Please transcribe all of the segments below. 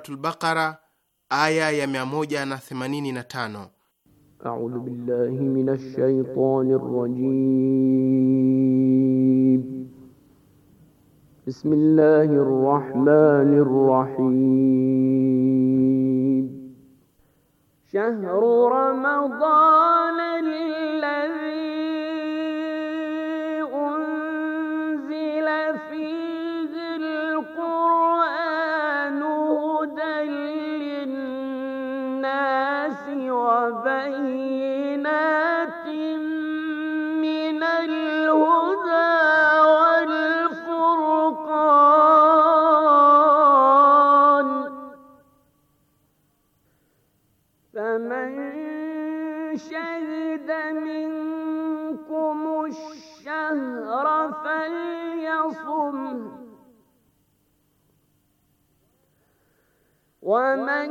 Suratul Baqara aya ya 185. A'udhu billahi minash shaitanir rajim. Bismillahir rahmanir rahim. شهر رمضان الذي وبينات من الهدى فمن شهد منكم الشهر ومن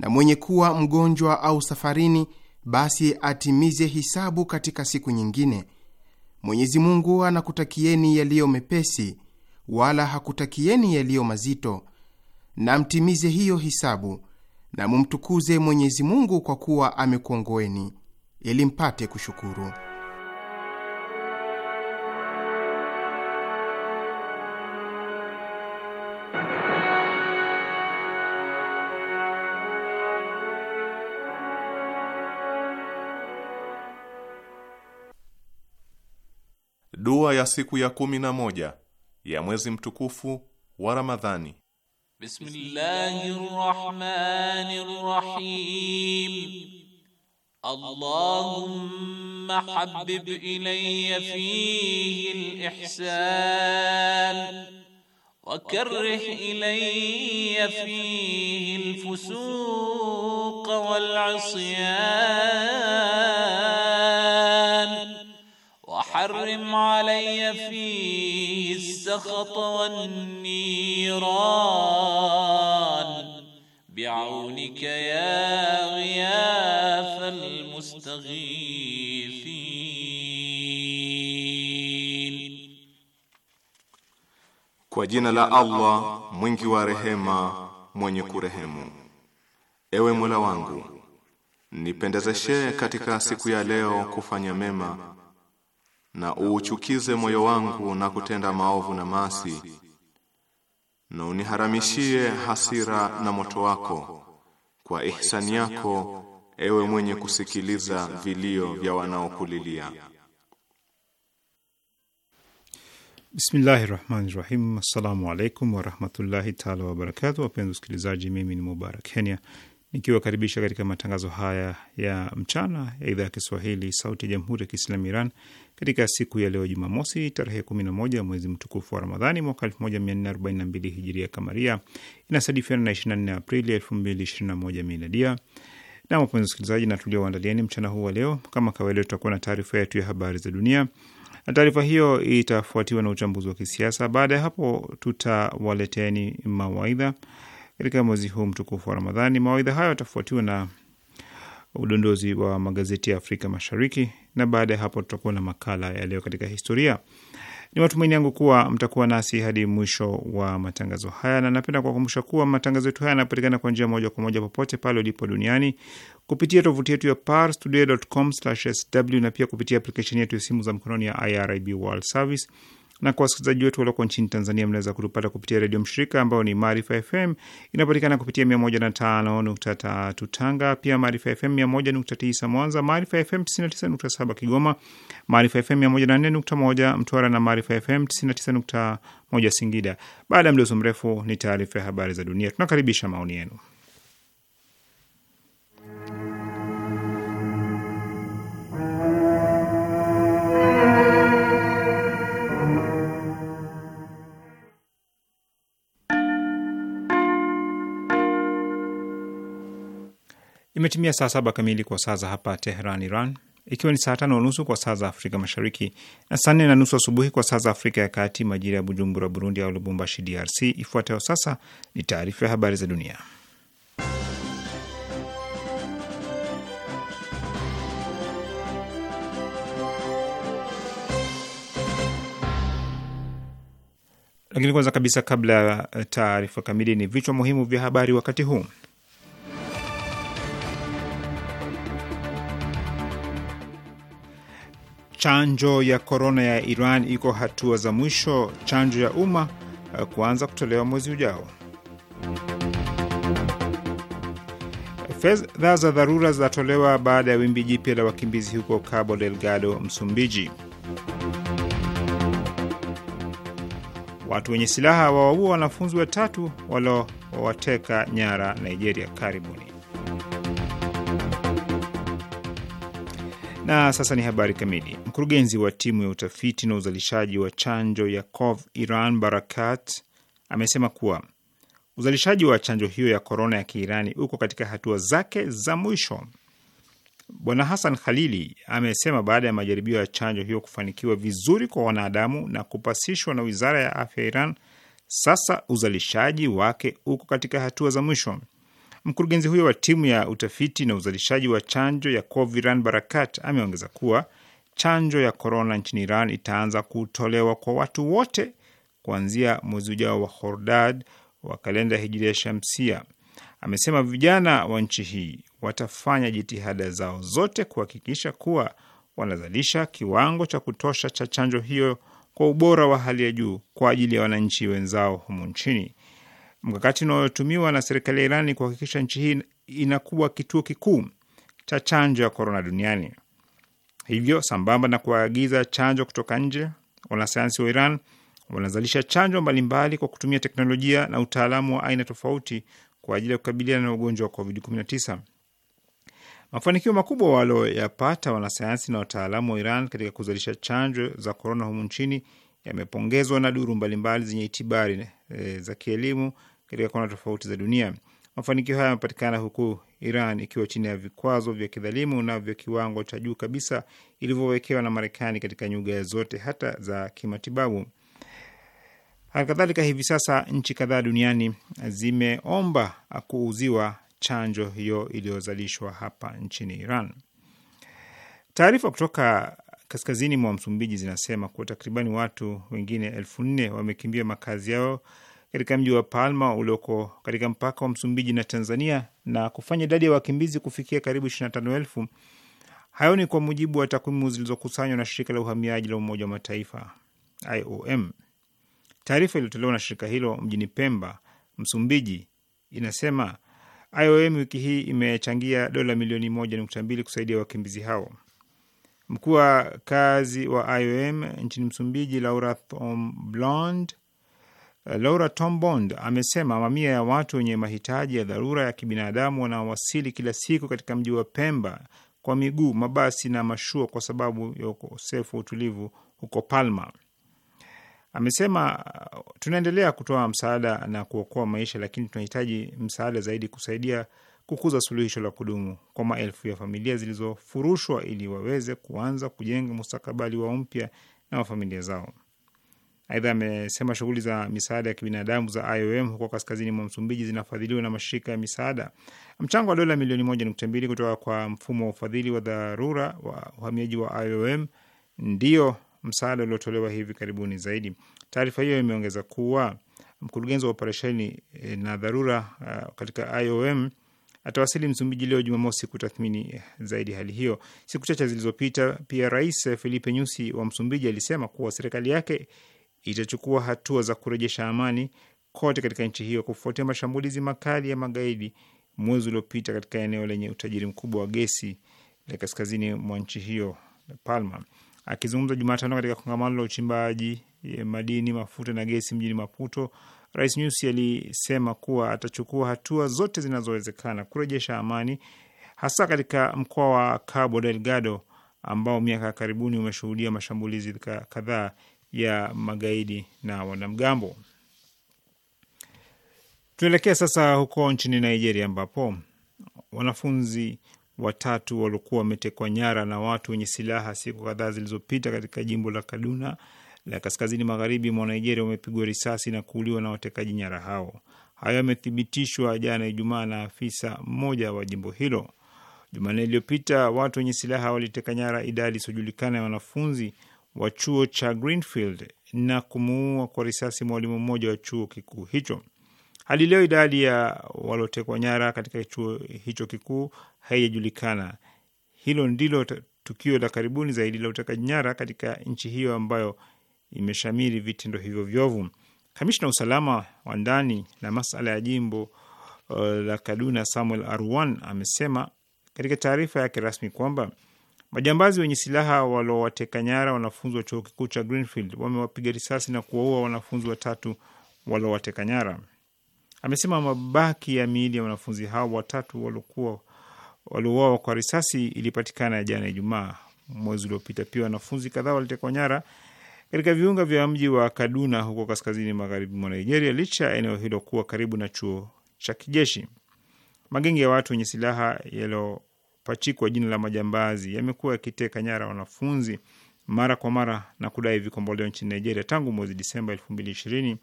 na mwenye kuwa mgonjwa au safarini, basi atimize hisabu katika siku nyingine. Mwenyezi Mungu anakutakieni yaliyo mepesi, wala hakutakieni yaliyo mazito, na mtimize hiyo hisabu na mumtukuze Mwenyezi Mungu kwa kuwa amekuongoeni ili mpate kushukuru. Dua ya siku ya kumi na moja ya mwezi mtukufu wa Ramadhani. Bismillahirrahmanirrahim. Allahumma habbib ilayya fihi al-ihsan wa karrih ilayya fihi al-fusuq wal-'isyan أفرم علي في السخط والنيران بعونك يا غياث المستغيثين Kwa jina la Allah mwingi wa rehema mwenye kurehemu. Ewe Mola wangu, nipendezeshe katika siku ya leo kufanya mema na uuchukize moyo wangu na kutenda maovu na maasi, na uniharamishie hasira na moto wako kwa ihsani yako, ewe mwenye kusikiliza vilio vya wanaokulilia. Bismillahi rahmani rahim. Assalamu alaikum warahmatullahi taala wabarakatu. Wapenzi wasikilizaji, mimi ni Mubarak Kenya nikiwakaribisha katika matangazo haya ya mchana ya idhaa ya Kiswahili sauti ya jamhuri ya Kiislamu Iran katika siku ya leo Jumamosi tarehe 11 mwezi mtukufu wa Ramadhani mwaka 1442 hijiria kamaria inasadifiana na 24 Aprili 2021 miladia. Na wapenzi wasikilizaji, na tulioandalieni mchana huu wa leo, kama kawaida, tutakuwa na taarifa yetu ya habari za dunia na taarifa hiyo itafuatiwa na uchambuzi wa kisiasa. Baada ya hapo, tutawaleteni mawaidha katika mwezi huu mtukufu wa Ramadhani. Mawaidha hayo yatafuatiwa na udondozi wa magazeti ya Afrika Mashariki, na baada ya hapo tutakuwa na makala ya leo katika historia. Ni matumaini yangu kuwa mtakuwa nasi hadi mwisho wa matangazo haya, na napenda kuwakumbusha kuwa matangazo yetu haya yanapatikana kwa njia moja kwa moja popote pale ulipo duniani kupitia tovuti yetu ya parstoday.com/sw na pia kupitia aplikesheni yetu ya simu za mkononi ya IRIB World Service na kwa wasikilizaji wetu walioko nchini Tanzania, mnaweza kutupata kupitia redio mshirika ambayo ni Maarifa FM, inapatikana kupitia 105.3 Tanga, pia Maarifa FM 101.9 Mwanza, Maarifa FM 99.7 Kigoma, Maarifa FM 104.1 Mtwara na Maarifa FM 99.1 Singida. Baada ya mdoso mrefu ni taarifa ya habari za dunia, tunakaribisha maoni yenu. Imetimia saa saba kamili kwa saa za hapa Teheran, Iran, ikiwa ni saa tano na nusu kwa saa za Afrika Mashariki na saa nne na nusu asubuhi kwa saa za Afrika ya Kati, majira ya Bujumbura, Burundi, au Lubumbashi, DRC. Ifuatayo sasa ni taarifa ya habari za dunia, lakini kwanza kabisa, kabla ya taarifa kamili, ni vichwa muhimu vya habari wakati huu. Chanjo ya korona ya Iran iko hatua za mwisho, chanjo ya umma eh, kuanza kutolewa mwezi ujao. Fedha za dharura zinatolewa baada ya wimbi jipya la wakimbizi huko Cabo Delgado, Msumbiji. Watu wenye silaha wawaua wanafunzi watatu waliowateka nyara Nigeria. Karibuni. Na sasa ni habari kamili. Mkurugenzi wa timu ya utafiti na uzalishaji wa chanjo ya Cov Iran Barakat amesema kuwa uzalishaji wa chanjo hiyo ya korona ya Kiirani uko katika hatua zake za mwisho. Bwana Hassan Khalili amesema baada ya majaribio ya chanjo hiyo kufanikiwa vizuri kwa wanadamu na kupasishwa na wizara ya afya ya Iran, sasa uzalishaji wake uko katika hatua za mwisho. Mkurugenzi huyo wa timu ya utafiti na uzalishaji wa chanjo ya Coviran Barakat ameongeza kuwa chanjo ya korona nchini Iran itaanza kutolewa kwa watu wote kuanzia mwezi ujao wa Hordad wa kalenda hijiria shamsia. Amesema vijana wa nchi hii watafanya jitihada zao zote kuhakikisha kuwa wanazalisha kiwango cha kutosha cha chanjo hiyo kwa ubora wa hali ya juu kwa ajili ya wananchi wenzao humu nchini mkakati unaotumiwa na serikali ya Iran kuhakikisha nchi hii inakuwa kituo kikuu cha chanjo ya korona duniani. Hivyo, sambamba na kuagiza chanjo kutoka nje, wanasayansi wa Iran wanazalisha chanjo mbalimbali kwa kutumia teknolojia na utaalamu wa aina tofauti kwa ajili ya kukabiliana na ugonjwa wa COVID-19. Mafanikio makubwa walioyapata wanasayansi na wataalamu wa Iran katika kuzalisha chanjo za korona humu nchini yamepongezwa na duru mbalimbali zenye itibari e, za kielimu katika kona tofauti za dunia. Mafanikio haya yamepatikana huku Iran ikiwa chini ya vikwazo vya kidhalimu na vya kiwango cha juu kabisa ilivyowekewa na Marekani katika nyuga zote hata za kimatibabu. Halikadhalika, hivi sasa nchi kadhaa duniani zimeomba kuuziwa chanjo hiyo iliyozalishwa hapa nchini Iran. Taarifa kutoka kaskazini mwa Msumbiji zinasema kuwa takribani watu wengine elfu nne wamekimbia makazi yao katika mji wa Palma ulioko katika mpaka wa Msumbiji na Tanzania na kufanya idadi ya wakimbizi kufikia karibu elfu. Hayo ni kwa mujibu wa takwimu zilizokusanywa na shirika la uhamiaji la Umoja wa Mataifa IOM. Taarifa iliyotolewa na shirika hilo mjini Pemba, Msumbiji, inasema IOM wiki hii imechangia dola milioni 1.2 kusaidia wakimbizi hao. Mkuu wa kazi wa IOM nchini Msumbiji, Laura Thomblond eh, Laura Tombond amesema mamia ya watu wenye mahitaji ya dharura ya kibinadamu wanaowasili kila siku katika mji wa Pemba kwa miguu, mabasi na mashua kwa sababu ya ukosefu wa utulivu huko Palma. Amesema tunaendelea kutoa msaada na kuokoa maisha, lakini tunahitaji msaada zaidi kusaidia kukuza suluhisho la kudumu kwa maelfu ya familia zilizofurushwa ili waweze kuanza kujenga mustakabali wao mpya na wa familia zao. Aidha, amesema shughuli za misaada ya kibinadamu za IOM huko kaskazini mwa Msumbiji zinafadhiliwa na mashirika ya misaada. Mchango wa dola milioni moja nukta mbili kutoka kwa mfumo wa ufadhili wa dharura wa uhamiaji wa IOM ndio msaada uliotolewa hivi karibuni zaidi. Taarifa hiyo imeongeza kuwa mkurugenzi wa operesheni eh, na dharura eh, katika IOM atawasili Msumbiji leo Jumamosi kutathmini eh, zaidi hali hiyo. Siku chache zilizopita, pia Rais eh, Filipe Nyusi wa Msumbiji alisema kuwa serikali yake itachukua hatua za kurejesha amani kote katika nchi hiyo kufuatia mashambulizi makali ya magaidi mwezi uliopita katika eneo lenye utajiri mkubwa wa gesi la kaskazini mwa nchi hiyo Palma. Akizungumza Jumatano katika kongamano la uchimbaji eh, madini, mafuta na gesi mjini Maputo, Rais Nyusi alisema kuwa atachukua hatua zote zinazowezekana kurejesha amani, hasa katika mkoa wa Cabo Delgado ambao miaka ya karibuni umeshuhudia mashambulizi kadhaa ya magaidi na wanamgambo. Tunaelekea sasa huko nchini Nigeria ambapo wanafunzi watatu waliokuwa wametekwa nyara na watu wenye silaha siku kadhaa zilizopita katika jimbo la Kaduna la kaskazini magharibi mwa Nigeria umepigwa risasi na kuuliwa na watekaji nyara hao. Hayo yamethibitishwa jana Ijumaa na afisa mmoja wa jimbo hilo. Jumanne iliyopita watu wenye silaha waliteka nyara idadi isiyojulikana ya wanafunzi wa chuo cha Greenfield na kumuua kwa risasi mwalimu mmoja wa chuo kikuu hicho. Hadi leo idadi ya waliotekwa nyara katika chuo hicho kikuu haijajulikana. Hilo ndilo tukio la karibuni zaidi la utekaji nyara katika nchi hiyo ambayo imeshamiri vitendo hivyo vyovu. Kamishna wa usalama wa ndani na masala ya jimbo uh, la Kaduna Samuel Arwan amesema katika taarifa yake rasmi kwamba majambazi wenye silaha waliowateka nyara wanafunzi wa chuo kikuu cha Greenfield wamewapiga risasi na kuwaua wanafunzi watatu waliowateka nyara. Amesema mabaki ya miili ya wanafunzi hao watatu waliokuwa waliouawa kwa risasi ilipatikana jana Ijumaa mwezi uliopita. Pia wanafunzi kadhaa walitekwa nyara katika viunga vya mji wa Kaduna huko kaskazini magharibi mwa Nigeria, licha ya eneo hilo kuwa karibu na chuo cha kijeshi. Magenge ya watu wenye silaha yaliyopachikwa jina la majambazi yamekuwa yakiteka nyara wanafunzi mara kwa mara na kudai vikomboleo nchini Nigeria. Tangu mwezi Disemba 2020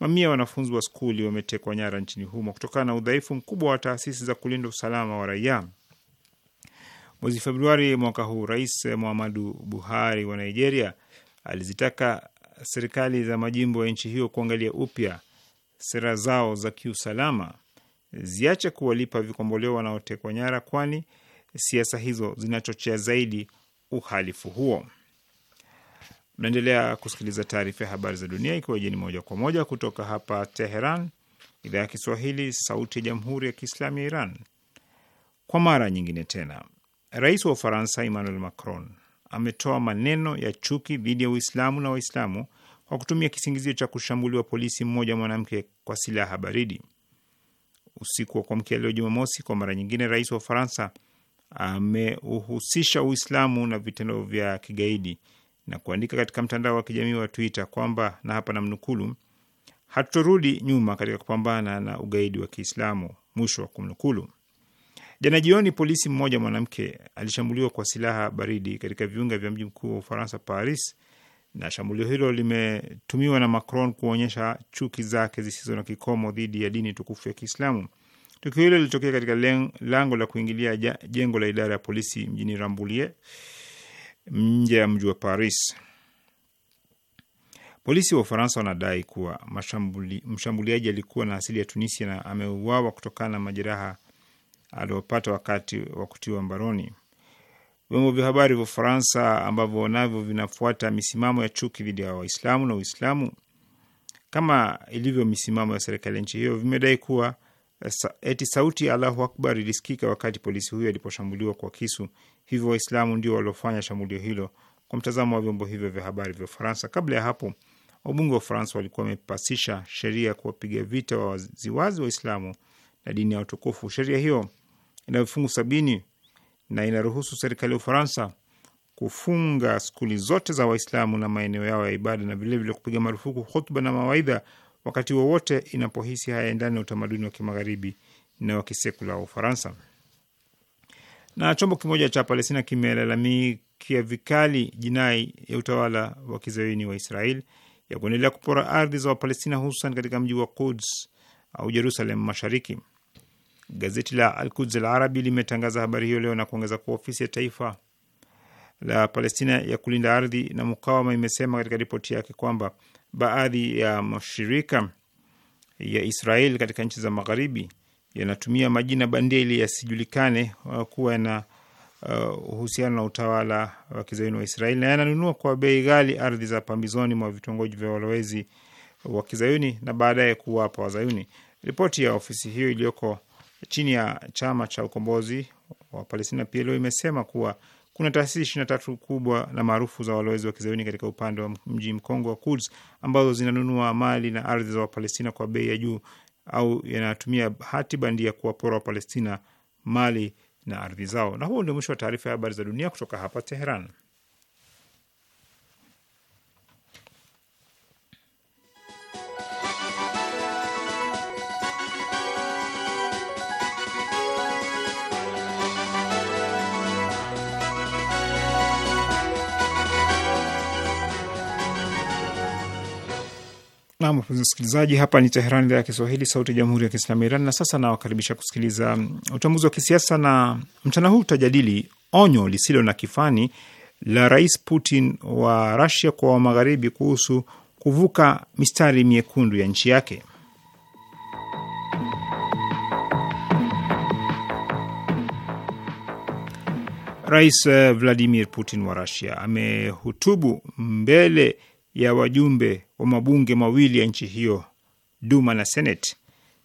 mamia ya wanafunzi wa skuli wametekwa nyara nchini humo kutokana na udhaifu mkubwa wa taasisi za kulinda usalama wa raia. Mwezi Februari mwaka huu, Rais Muhammadu Buhari wa Nigeria alizitaka serikali za majimbo ya nchi hiyo kuangalia upya sera zao za kiusalama, ziache kuwalipa vikomboleo wanaotekwa nyara, kwani siasa hizo zinachochea zaidi uhalifu huo. Mnaendelea kusikiliza taarifa ya habari za dunia, ikiwa jeni moja kwa moja kutoka hapa Teheran, idhaa ya Kiswahili, sauti ya jamhuri ya kiislamu ya Iran. Kwa mara nyingine tena, rais wa Ufaransa Emmanuel Macron ametoa maneno ya chuki dhidi ya Uislamu na Waislamu kwa kutumia kisingizio cha kushambuliwa polisi mmoja mwanamke kwa silaha baridi usiku wa kuamkia leo Jumamosi. Kwa mara nyingine, rais wa Ufaransa ameuhusisha Uislamu na vitendo vya kigaidi na kuandika katika mtandao wa kijamii wa Twitter kwamba na hapa namnukulu, hatutorudi nyuma katika kupambana na ugaidi wa Kiislamu, mwisho wa kumnukulu. Jana jioni, polisi mmoja mwanamke alishambuliwa kwa silaha baridi katika viunga vya mji mkuu wa Ufaransa, Paris, na shambulio hilo limetumiwa na Macron kuonyesha chuki zake zisizo na kikomo dhidi ya dini tukufu ya Kiislamu. Tukio hilo lilitokea katika lango la kuingilia jengo la idara ya polisi mjini Rambulie, nje ya mji wa Paris. Polisi wa Ufaransa wanadai kuwa mshambuliaji alikuwa na asili ya Tunisia na ameuawa kutokana na majeraha aliopata wakati wa kutiwa mbaroni. Vyombo vya habari vya Ufaransa ambavyo navyo vinafuata misimamo ya chuki dhidi ya Waislamu na Uislamu kama ilivyo misimamo ya serikali ya nchi hiyo, vimedai kuwa eti sauti ya Allahu akbar ilisikika wakati polisi huyo aliposhambuliwa kwa kisu, hivyo Waislamu ndio waliofanya shambulio hilo, kwa mtazamo wa vyombo hivyo vya habari vya Ufaransa. Kabla ya hapo, wabunge wa Ufaransa walikuwa wamepasisha sheria kuwapiga vita wa waziwazi Waislamu na dini ya utukufu. Sheria hiyo ina vifungu sabini na inaruhusu serikali ya Ufaransa kufunga skuli zote za Waislamu na maeneo yao ya ibada na vilevile kupiga marufuku khutba na mawaidha wakati wowote wa inapohisi hayaendani na utamaduni wa kimagharibi na wa kisekula wa Ufaransa. Na chombo kimoja cha Palestina kimelalamikia vikali jinai ya utawala wa kizayuni wa Israel ya kuendelea kupora ardhi za Wapalestina, hususan katika mji wa Kuds au Jerusalem Mashariki. Gazeti la Al Quds Al Arabi limetangaza habari hiyo leo na kuongeza kuwa ofisi ya taifa la Palestina ya kulinda ardhi na mukawama imesema katika ripoti yake kwamba baadhi ya mashirika ya Israel katika nchi za magharibi yanatumia majina bandia ili yasijulikane uh, kuwa na uh, uhusiano na utawala wa kizayuni wa Israel na yananunua kwa bei ghali ardhi za pambizoni mwa vitongoji vya walowezi wa kizayuni na baadaye kuwapa wazayuni. Ripoti ya ofisi hiyo iliyoko chini ya chama cha ukombozi wa Palestina PLO imesema kuwa kuna taasisi ishirini na tatu kubwa na maarufu za walowezi wa kizayuni katika upande wa mji mkongo wa Kuds ambazo zinanunua mali na ardhi za Wapalestina kwa bei ya juu au yanatumia hati bandia kuwapora Wapalestina mali na ardhi zao. Na huo ndio mwisho wa taarifa ya habari za dunia kutoka hapa Teheran. Naam, wapenzi wasikilizaji, hapa ni Teheran, idhaa ya Kiswahili, sauti ya jamhuri ya kiislamu ya Iran. Na sasa nawakaribisha kusikiliza mm, uchambuzi wa kisiasa, na mchana huu utajadili onyo lisilo na kifani la Rais Putin wa Rasia kwa magharibi kuhusu kuvuka mistari miekundu ya nchi yake. Rais eh, Vladimir Putin wa Rasia amehutubu mbele ya wajumbe wa mabunge mawili ya nchi hiyo, Duma na Seneti,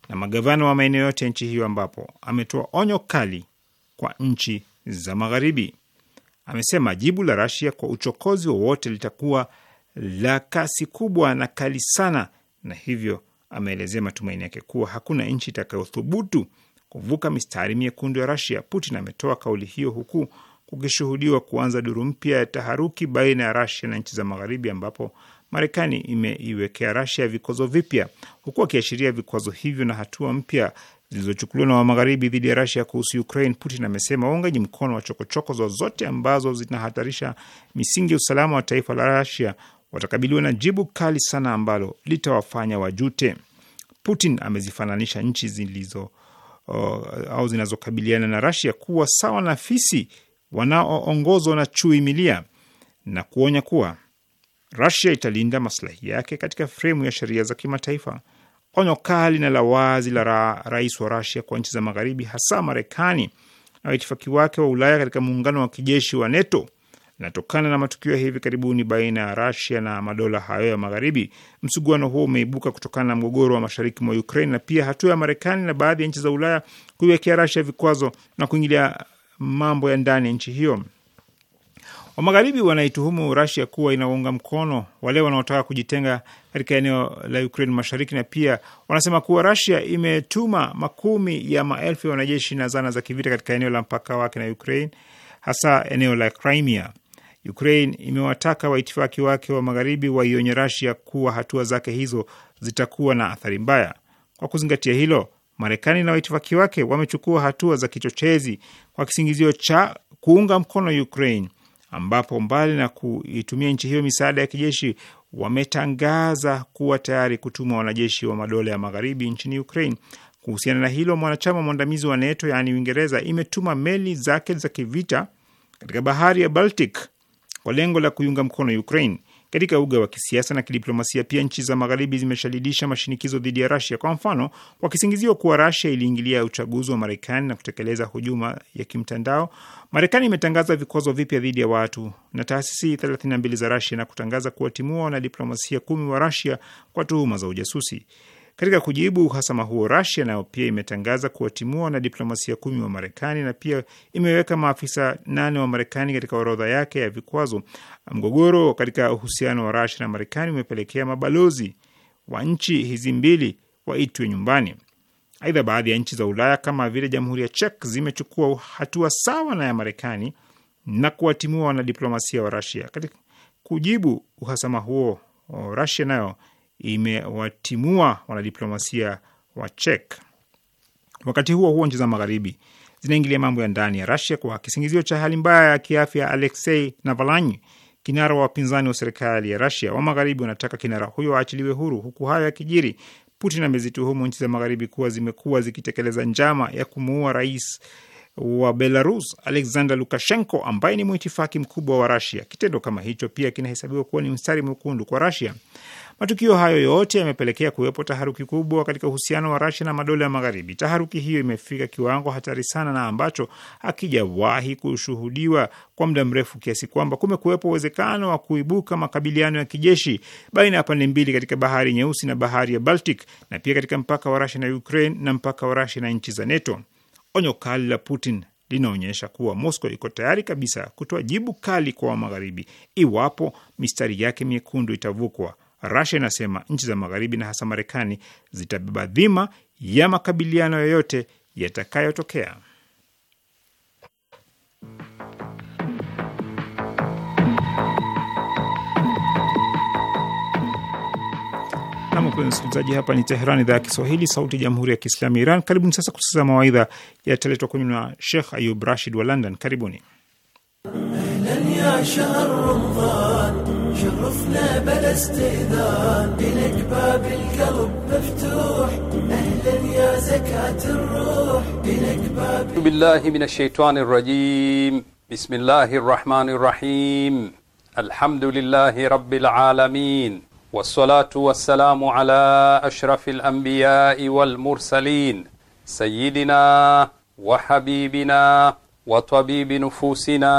na magavana wa maeneo yote ya nchi hiyo, ambapo ametoa onyo kali kwa nchi za Magharibi. Amesema jibu la Rasia kwa uchokozi wowote litakuwa la kasi kubwa na kali sana, na hivyo ameelezea matumaini yake kuwa hakuna nchi itakayothubutu kuvuka mistari miekundu ya Rasia. Putin ametoa kauli hiyo huku kukishuhudiwa kuanza duru mpya ya taharuki baina ya Rasia na nchi za Magharibi, ambapo Marekani imeiwekea Rasia vikwazo vipya, huku akiashiria vikwazo hivyo na hatua mpya zilizochukuliwa na Wamagharibi dhidi ya Rasia kuhusu Ukraine. Putin amesema waungaji mkono wa chokochoko zozote ambazo zinahatarisha misingi ya usalama wa taifa la Rasia watakabiliwa na jibu kali sana ambalo litawafanya wajute. Putin amezifananisha nchi zilizo uh, au zinazokabiliana na Rasia kuwa sawa na fisi wanaoongozwa na chui milia na kuonya kuwa Rusia italinda maslahi yake katika fremu ya sheria za kimataifa. Onyo kali na la wazi la ra rais wa Rusia kwa nchi za magharibi, hasa Marekani na waitifaki wake wa Ulaya katika muungano wa kijeshi wa NATO linatokana na matukio ya hivi karibuni baina ya Rusia na madola hayo ya magharibi. Msuguano huo umeibuka kutokana na mgogoro wa mashariki mwa Ukraine na pia hatua ya Marekani na baadhi ya nchi za Ulaya kuiwekea Rusia vikwazo na kuingilia mambo ya ndani ya nchi hiyo. Wamagharibi wanaituhumu Rasia kuwa inaunga mkono wale wanaotaka kujitenga katika eneo la Ukraine mashariki, na pia wanasema kuwa Rasia imetuma makumi ya maelfu ya wanajeshi na zana za kivita katika eneo la mpaka wake na Ukraine, hasa eneo la Crimea. Ukraine imewataka waitifaki wake wa magharibi waionye Rasia kuwa hatua zake hizo zitakuwa na athari mbaya. Kwa kuzingatia hilo, Marekani na waitifaki wake wamechukua hatua za kichochezi kwa kisingizio cha kuunga mkono Ukraine, ambapo mbali na kuitumia nchi hiyo misaada ya kijeshi, wametangaza kuwa tayari kutuma wanajeshi wa madola ya magharibi nchini Ukraine. Kuhusiana na hilo, mwanachama mwandamizi wa NATO yaani Uingereza imetuma meli zake za kivita katika bahari ya Baltic kwa lengo la kuiunga mkono Ukraine. Katika uga wa kisiasa na kidiplomasia pia, nchi za magharibi zimeshadidisha mashinikizo dhidi ya Rasia. Kwa mfano, wakisingiziwa kuwa Rasia iliingilia uchaguzi wa Marekani na kutekeleza hujuma ya kimtandao, Marekani imetangaza vikwazo vipya dhidi ya watu na taasisi 32 za Rasia na kutangaza kuwatimua wanadiplomasia kumi wa Rasia kwa tuhuma za ujasusi. Katika kujibu uhasama huo, Rasia nayo pia imetangaza kuwatimua wanadiplomasia kumi wa Marekani na pia imeweka maafisa nane wa Marekani katika orodha yake ya vikwazo. Mgogoro katika uhusiano wa Rasia na Marekani umepelekea mabalozi wa nchi hizi mbili waitwe nyumbani. Aidha, baadhi ya nchi za Ulaya kama vile Jamhuri ya Czech zimechukua hatua sawa na ya Marekani na kuwatimua wanadiplomasia wa Rasia. Katika kujibu uhasama huo, Rasia nayo imewatimua wanadiplomasia wa Chek. Wakati huo huo, nchi za magharibi zinaingilia mambo ya ndani ya Rasia kwa kisingizio cha hali mbaya ya kiafya Aleksei Navalny, kinara wa wapinzani wa serikali ya Rasia. Wa magharibi wanataka kinara huyo aachiliwe huru. Huku hayo yakijiri, Putin amezituhumu nchi za magharibi kuwa zimekuwa zikitekeleza njama ya kumuua rais wa Belarus Alexander Lukashenko ambaye ni mwitifaki mkubwa wa Rasia. Kitendo kama hicho pia kinahesabiwa kuwa ni mstari mwekundu kwa Rasia. Matukio hayo yote yamepelekea kuwepo taharuki kubwa katika uhusiano wa Rasia na madola ya Magharibi. Taharuki hiyo imefika kiwango hatari sana na ambacho hakijawahi kushuhudiwa kwa muda mrefu, kiasi kwamba kumekuwepo uwezekano wa kuibuka makabiliano ya kijeshi baina ya pande mbili katika Bahari Nyeusi na Bahari ya Baltic, na pia katika mpaka wa Rasia na Ukraine na mpaka wa Rasia na nchi za NATO. Onyo kali la Putin linaonyesha kuwa Moscow iko tayari kabisa kutoa jibu kali kwa Wamagharibi iwapo mistari yake miekundu itavukwa. Rasia inasema nchi za Magharibi na hasa Marekani zitabeba dhima ya makabiliano yoyote yatakayotokea. Namkene msikilizaji, hapa ni Teheran, idhaa ya Kiswahili, sauti ya jamhuri ya kiislamu ya Iran. Karibuni sasa kusikiliza mawaidha yataletwa kwenu na Shekh Ayub Rashid wa London. Karibuni. شرفنا بلا استئذان إلك باب القلب مفتوح أهلا يا زكاة الروح إلك باب بالله من الشيطان الرجيم بسم الله الرحمن الرحيم الحمد لله رب العالمين والصلاة والسلام على أشرف الأنبياء والمرسلين سيدنا وحبيبنا وطبيب نفوسنا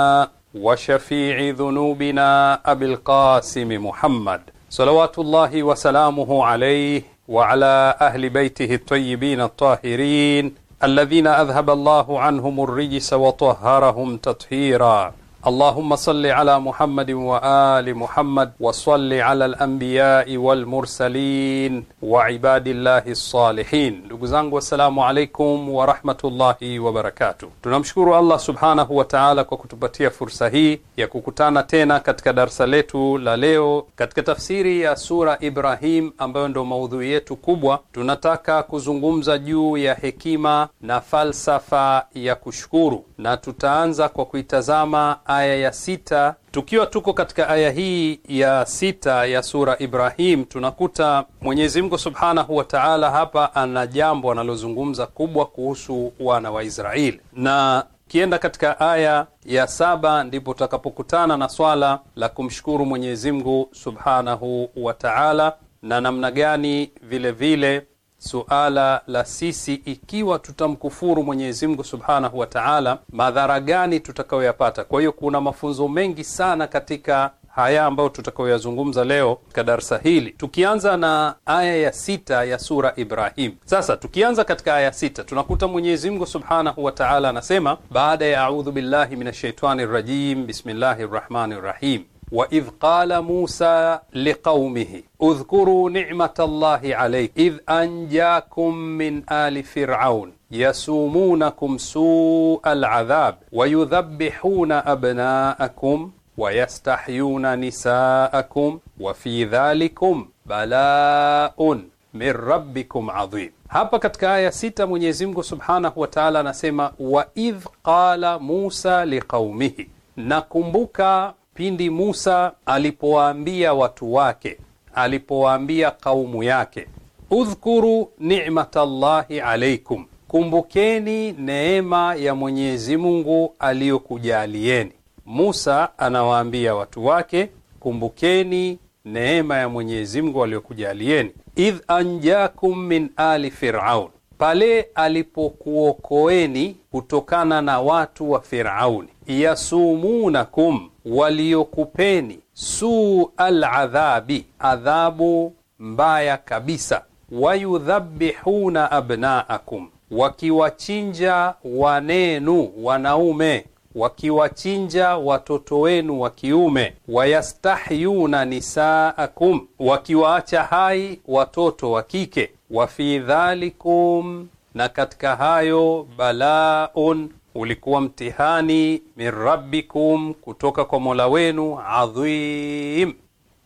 وشفيع ذنوبنا أبي القاسم محمد صلوات الله وسلامه عليه وعلى أهل بيته الطيبين الطاهرين الذين أذهب الله عنهم الرجس وطهرهم تطهيرا Allahumma salli ala Muhammadin wa ali Muhammad wa salli ala al-anbiya'i wal mursalin wa ibadillahi salihin. Ndugu zangu, assalamu alaikum wa rahmatullahi wa barakatuh. Tunamshukuru Allah subhanahu wa ta'ala kwa kutupatia fursa hii ya kukutana tena katika darsa letu la leo katika tafsiri ya sura Ibrahim, ambayo ndio maudhui yetu kubwa. Tunataka kuzungumza juu ya hekima na falsafa ya kushukuru, na tutaanza kwa kuitazama aya ya sita. Tukiwa tuko katika aya hii ya sita ya sura Ibrahim, tunakuta Mwenyezi Mungu subhanahu wa taala hapa ana jambo analozungumza kubwa kuhusu wana wa Israeli na kienda katika aya ya saba ndipo tutakapokutana na swala la kumshukuru Mwenyezi Mungu subhanahu wa taala na namna gani vile vile suala la sisi, ikiwa tutamkufuru Mwenyezi Mungu subhanahu wa taala, madhara gani tutakayoyapata? Kwa hiyo kuna mafunzo mengi sana katika haya ambayo tutakayoyazungumza leo katika darsa hili, tukianza na aya ya sita ya sura Ibrahim. Sasa tukianza katika aya sita tunakuta Mwenyezi Mungu subhanahu wa taala anasema, baada ya audhu billahi min shaitani rajim, bismillahi rahmani rahim وإذ قال موسى لقومه اذكروا نعمة الله عليك إذ أنجاكم من آل فرعون يسومونكم سوء العذاب ويذبحون أبناءكم ويستحيون نساءكم وفي ذلكم بلاء من ربكم عظيم Hapa katika aya sita Mwenyezi Mungu subhanahu wa taala anasema waidh qala Musa liqaumihi, nakumbuka pindi Musa alipowaambia watu wake, alipowaambia kaumu yake, udhkuru nimata llahi alaikum, kumbukeni neema ya Mwenyezi Mungu aliyokujalieni. Musa anawaambia watu wake, kumbukeni neema ya Mwenyezi Mungu aliyokujalieni, idh anjakum min ali firaun, pale alipokuokoeni kutokana na watu wa Firauni, yasumunakum waliokupeni su aladhabi, adhabu mbaya kabisa, wayudhabihuna abnaakum, wakiwachinja wanenu wanaume, wakiwachinja watoto wenu wa kiume, wayastahyuna nisaakum, wakiwaacha hai watoto wa kike. Wafi dhalikum, na katika hayo balaun ulikuwa mtihani min rabbikum, kutoka kwa mola wenu, adhim,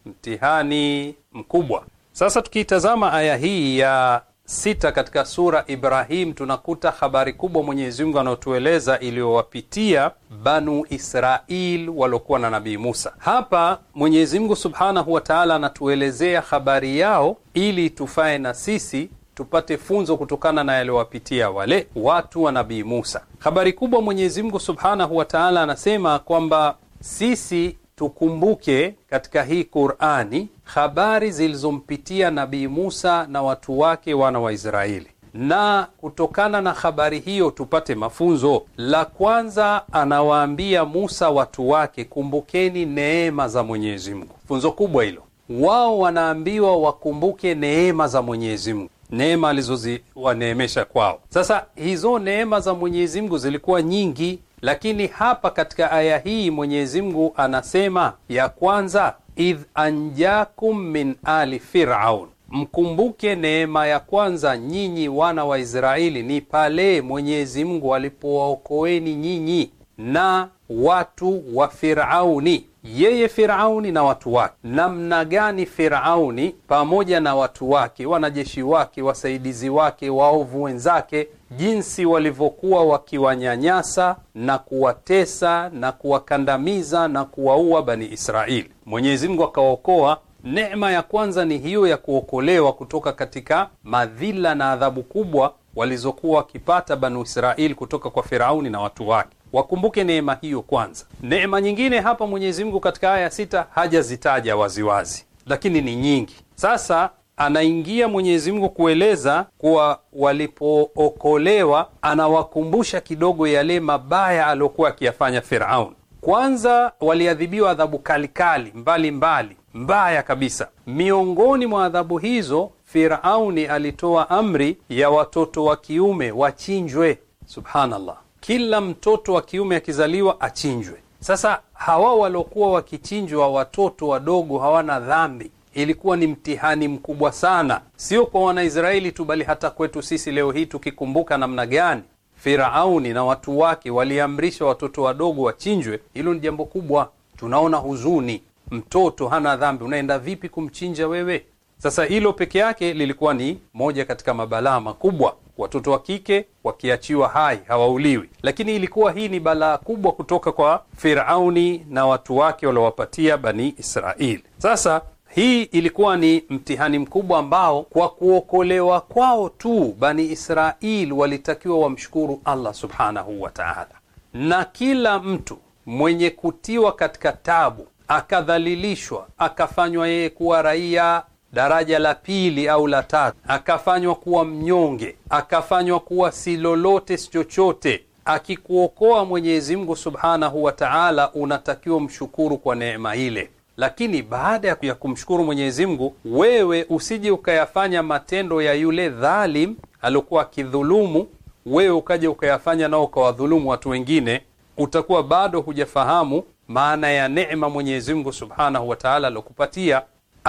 mtihani mkubwa. Sasa tukiitazama aya hii ya sita katika sura Ibrahim tunakuta habari kubwa Mwenyezi Mungu anayotueleza iliyowapitia Banu Israil waliokuwa na Nabii Musa. Hapa Mwenyezi Mungu subhanahu wa taala anatuelezea habari yao ili tufae na sisi tupate funzo kutokana na yaliyowapitia wale watu wa Nabii Musa. Habari kubwa, Mwenyezi Mungu Subhanahu wa Ta'ala anasema kwamba sisi tukumbuke katika hii Qur'ani habari zilizompitia Nabii Musa na watu wake wana wa Israeli, na kutokana na habari hiyo tupate mafunzo. La kwanza, anawaambia Musa watu wake, kumbukeni neema za Mwenyezi Mungu. Funzo kubwa hilo, wao wanaambiwa wakumbuke neema za Mwenyezi Mungu neema alizoziwaneemesha kwao. Sasa hizo neema za Mwenyezi Mungu zilikuwa nyingi, lakini hapa katika aya hii Mwenyezi Mungu anasema ya kwanza, idh anjakum min ali firaun Mkumbuke neema ya kwanza nyinyi wana wa Israeli ni pale Mwenyezi Mungu alipowaokoeni nyinyi na watu wa Firauni yeye Firauni na watu wake, namna gani Firauni pamoja na watu wake, wanajeshi wake, wasaidizi wake, waovu wenzake, jinsi walivyokuwa wakiwanyanyasa na kuwatesa na kuwakandamiza na kuwaua Bani Israeli. Mwenyezi Mungu akawaokoa. Neema ya kwanza ni hiyo ya kuokolewa kutoka katika madhila na adhabu kubwa walizokuwa wakipata Banu Israeli kutoka kwa Firauni na watu wake wakumbuke neema hiyo kwanza. Neema nyingine hapa Mwenyezi Mungu katika aya sita hajazitaja waziwazi, lakini ni nyingi. Sasa anaingia Mwenyezi Mungu kueleza kuwa walipookolewa, anawakumbusha kidogo yale mabaya aliyokuwa akiyafanya Firaun. Kwanza waliadhibiwa adhabu kalikali mbalimbali mbaya kabisa. Miongoni mwa adhabu hizo, Firauni alitoa amri ya watoto wa kiume wachinjwe. Subhanallah kila mtoto wa kiume akizaliwa achinjwe. Sasa hawa waliokuwa wakichinjwa watoto wadogo hawana dhambi, ilikuwa ni mtihani mkubwa sana, sio kwa Wanaisraeli tu, bali hata kwetu sisi leo hii tukikumbuka namna gani Firauni na watu wake waliamrisha watoto wadogo wachinjwe. Hilo ni jambo kubwa, tunaona huzuni. Mtoto hana dhambi, unaenda vipi kumchinja wewe? Sasa hilo peke yake lilikuwa ni moja katika mabalaa makubwa watoto wa kike wakiachiwa hai hawauliwi. Lakini ilikuwa hii ni balaa kubwa kutoka kwa Firauni na watu wake waliowapatia Bani Israeli. Sasa hii ilikuwa ni mtihani mkubwa ambao kwa kuokolewa kwao tu Bani Israeli walitakiwa wamshukuru Allah subhanahu wa taala, na kila mtu mwenye kutiwa katika tabu akadhalilishwa akafanywa yeye kuwa raia daraja la pili au la tatu, akafanywa kuwa mnyonge, akafanywa kuwa si lolote si chochote. Akikuokoa Mwenyezi Mungu subhanahu wa taala, unatakiwa mshukuru kwa neema ile, lakini baada ya kumshukuru Mwenyezi Mungu, wewe usije ukayafanya matendo ya yule dhalim aliokuwa akidhulumu wewe, ukaja ukayafanya nao ukawadhulumu watu wengine, utakuwa bado hujafahamu maana ya neema Mwenyezi Mungu subhanahu wa taala aliokupatia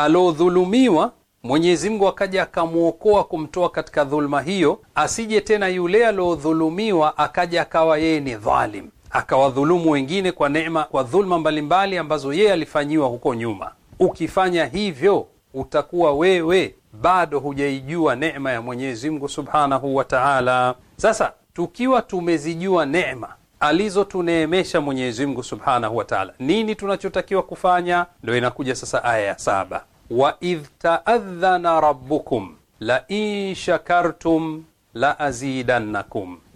alodhulumiwa Mwenyezi Mungu akaja akamwokoa kumtoa katika dhuluma hiyo, asije tena yule alodhulumiwa akaja akawa yeye ni dhalim, akawadhulumu wengine kwa neema, kwa dhuluma mbalimbali ambazo yeye alifanyiwa huko nyuma. Ukifanya hivyo, utakuwa wewe bado hujaijua neema ya Mwenyezi Mungu Subhanahu wa Ta'ala. Sasa tukiwa tumezijua neema alizotuneemesha Mwenyezi Mungu Subhanahu wa Ta'ala, nini tunachotakiwa kufanya? ndo inakuja sasa aya ya saba waidh taadhana rabbukum in shakartum la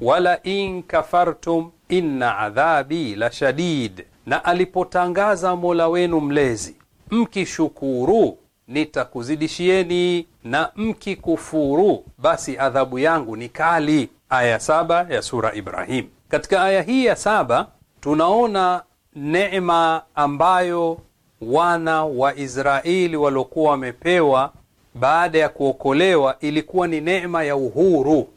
walain kafartum inna adhabi la shadid, na alipotangaza Mola wenu mlezi, mkishukuru nitakuzidishieni na mkikufuru basi adhabu yangu ni kali. Aya saba ya sura Ibrahim. Katika aya hii ya saba tunaona neema ambayo wana wa Israeli waliokuwa wamepewa baada ya kuokolewa ilikuwa ni neema ya uhuru,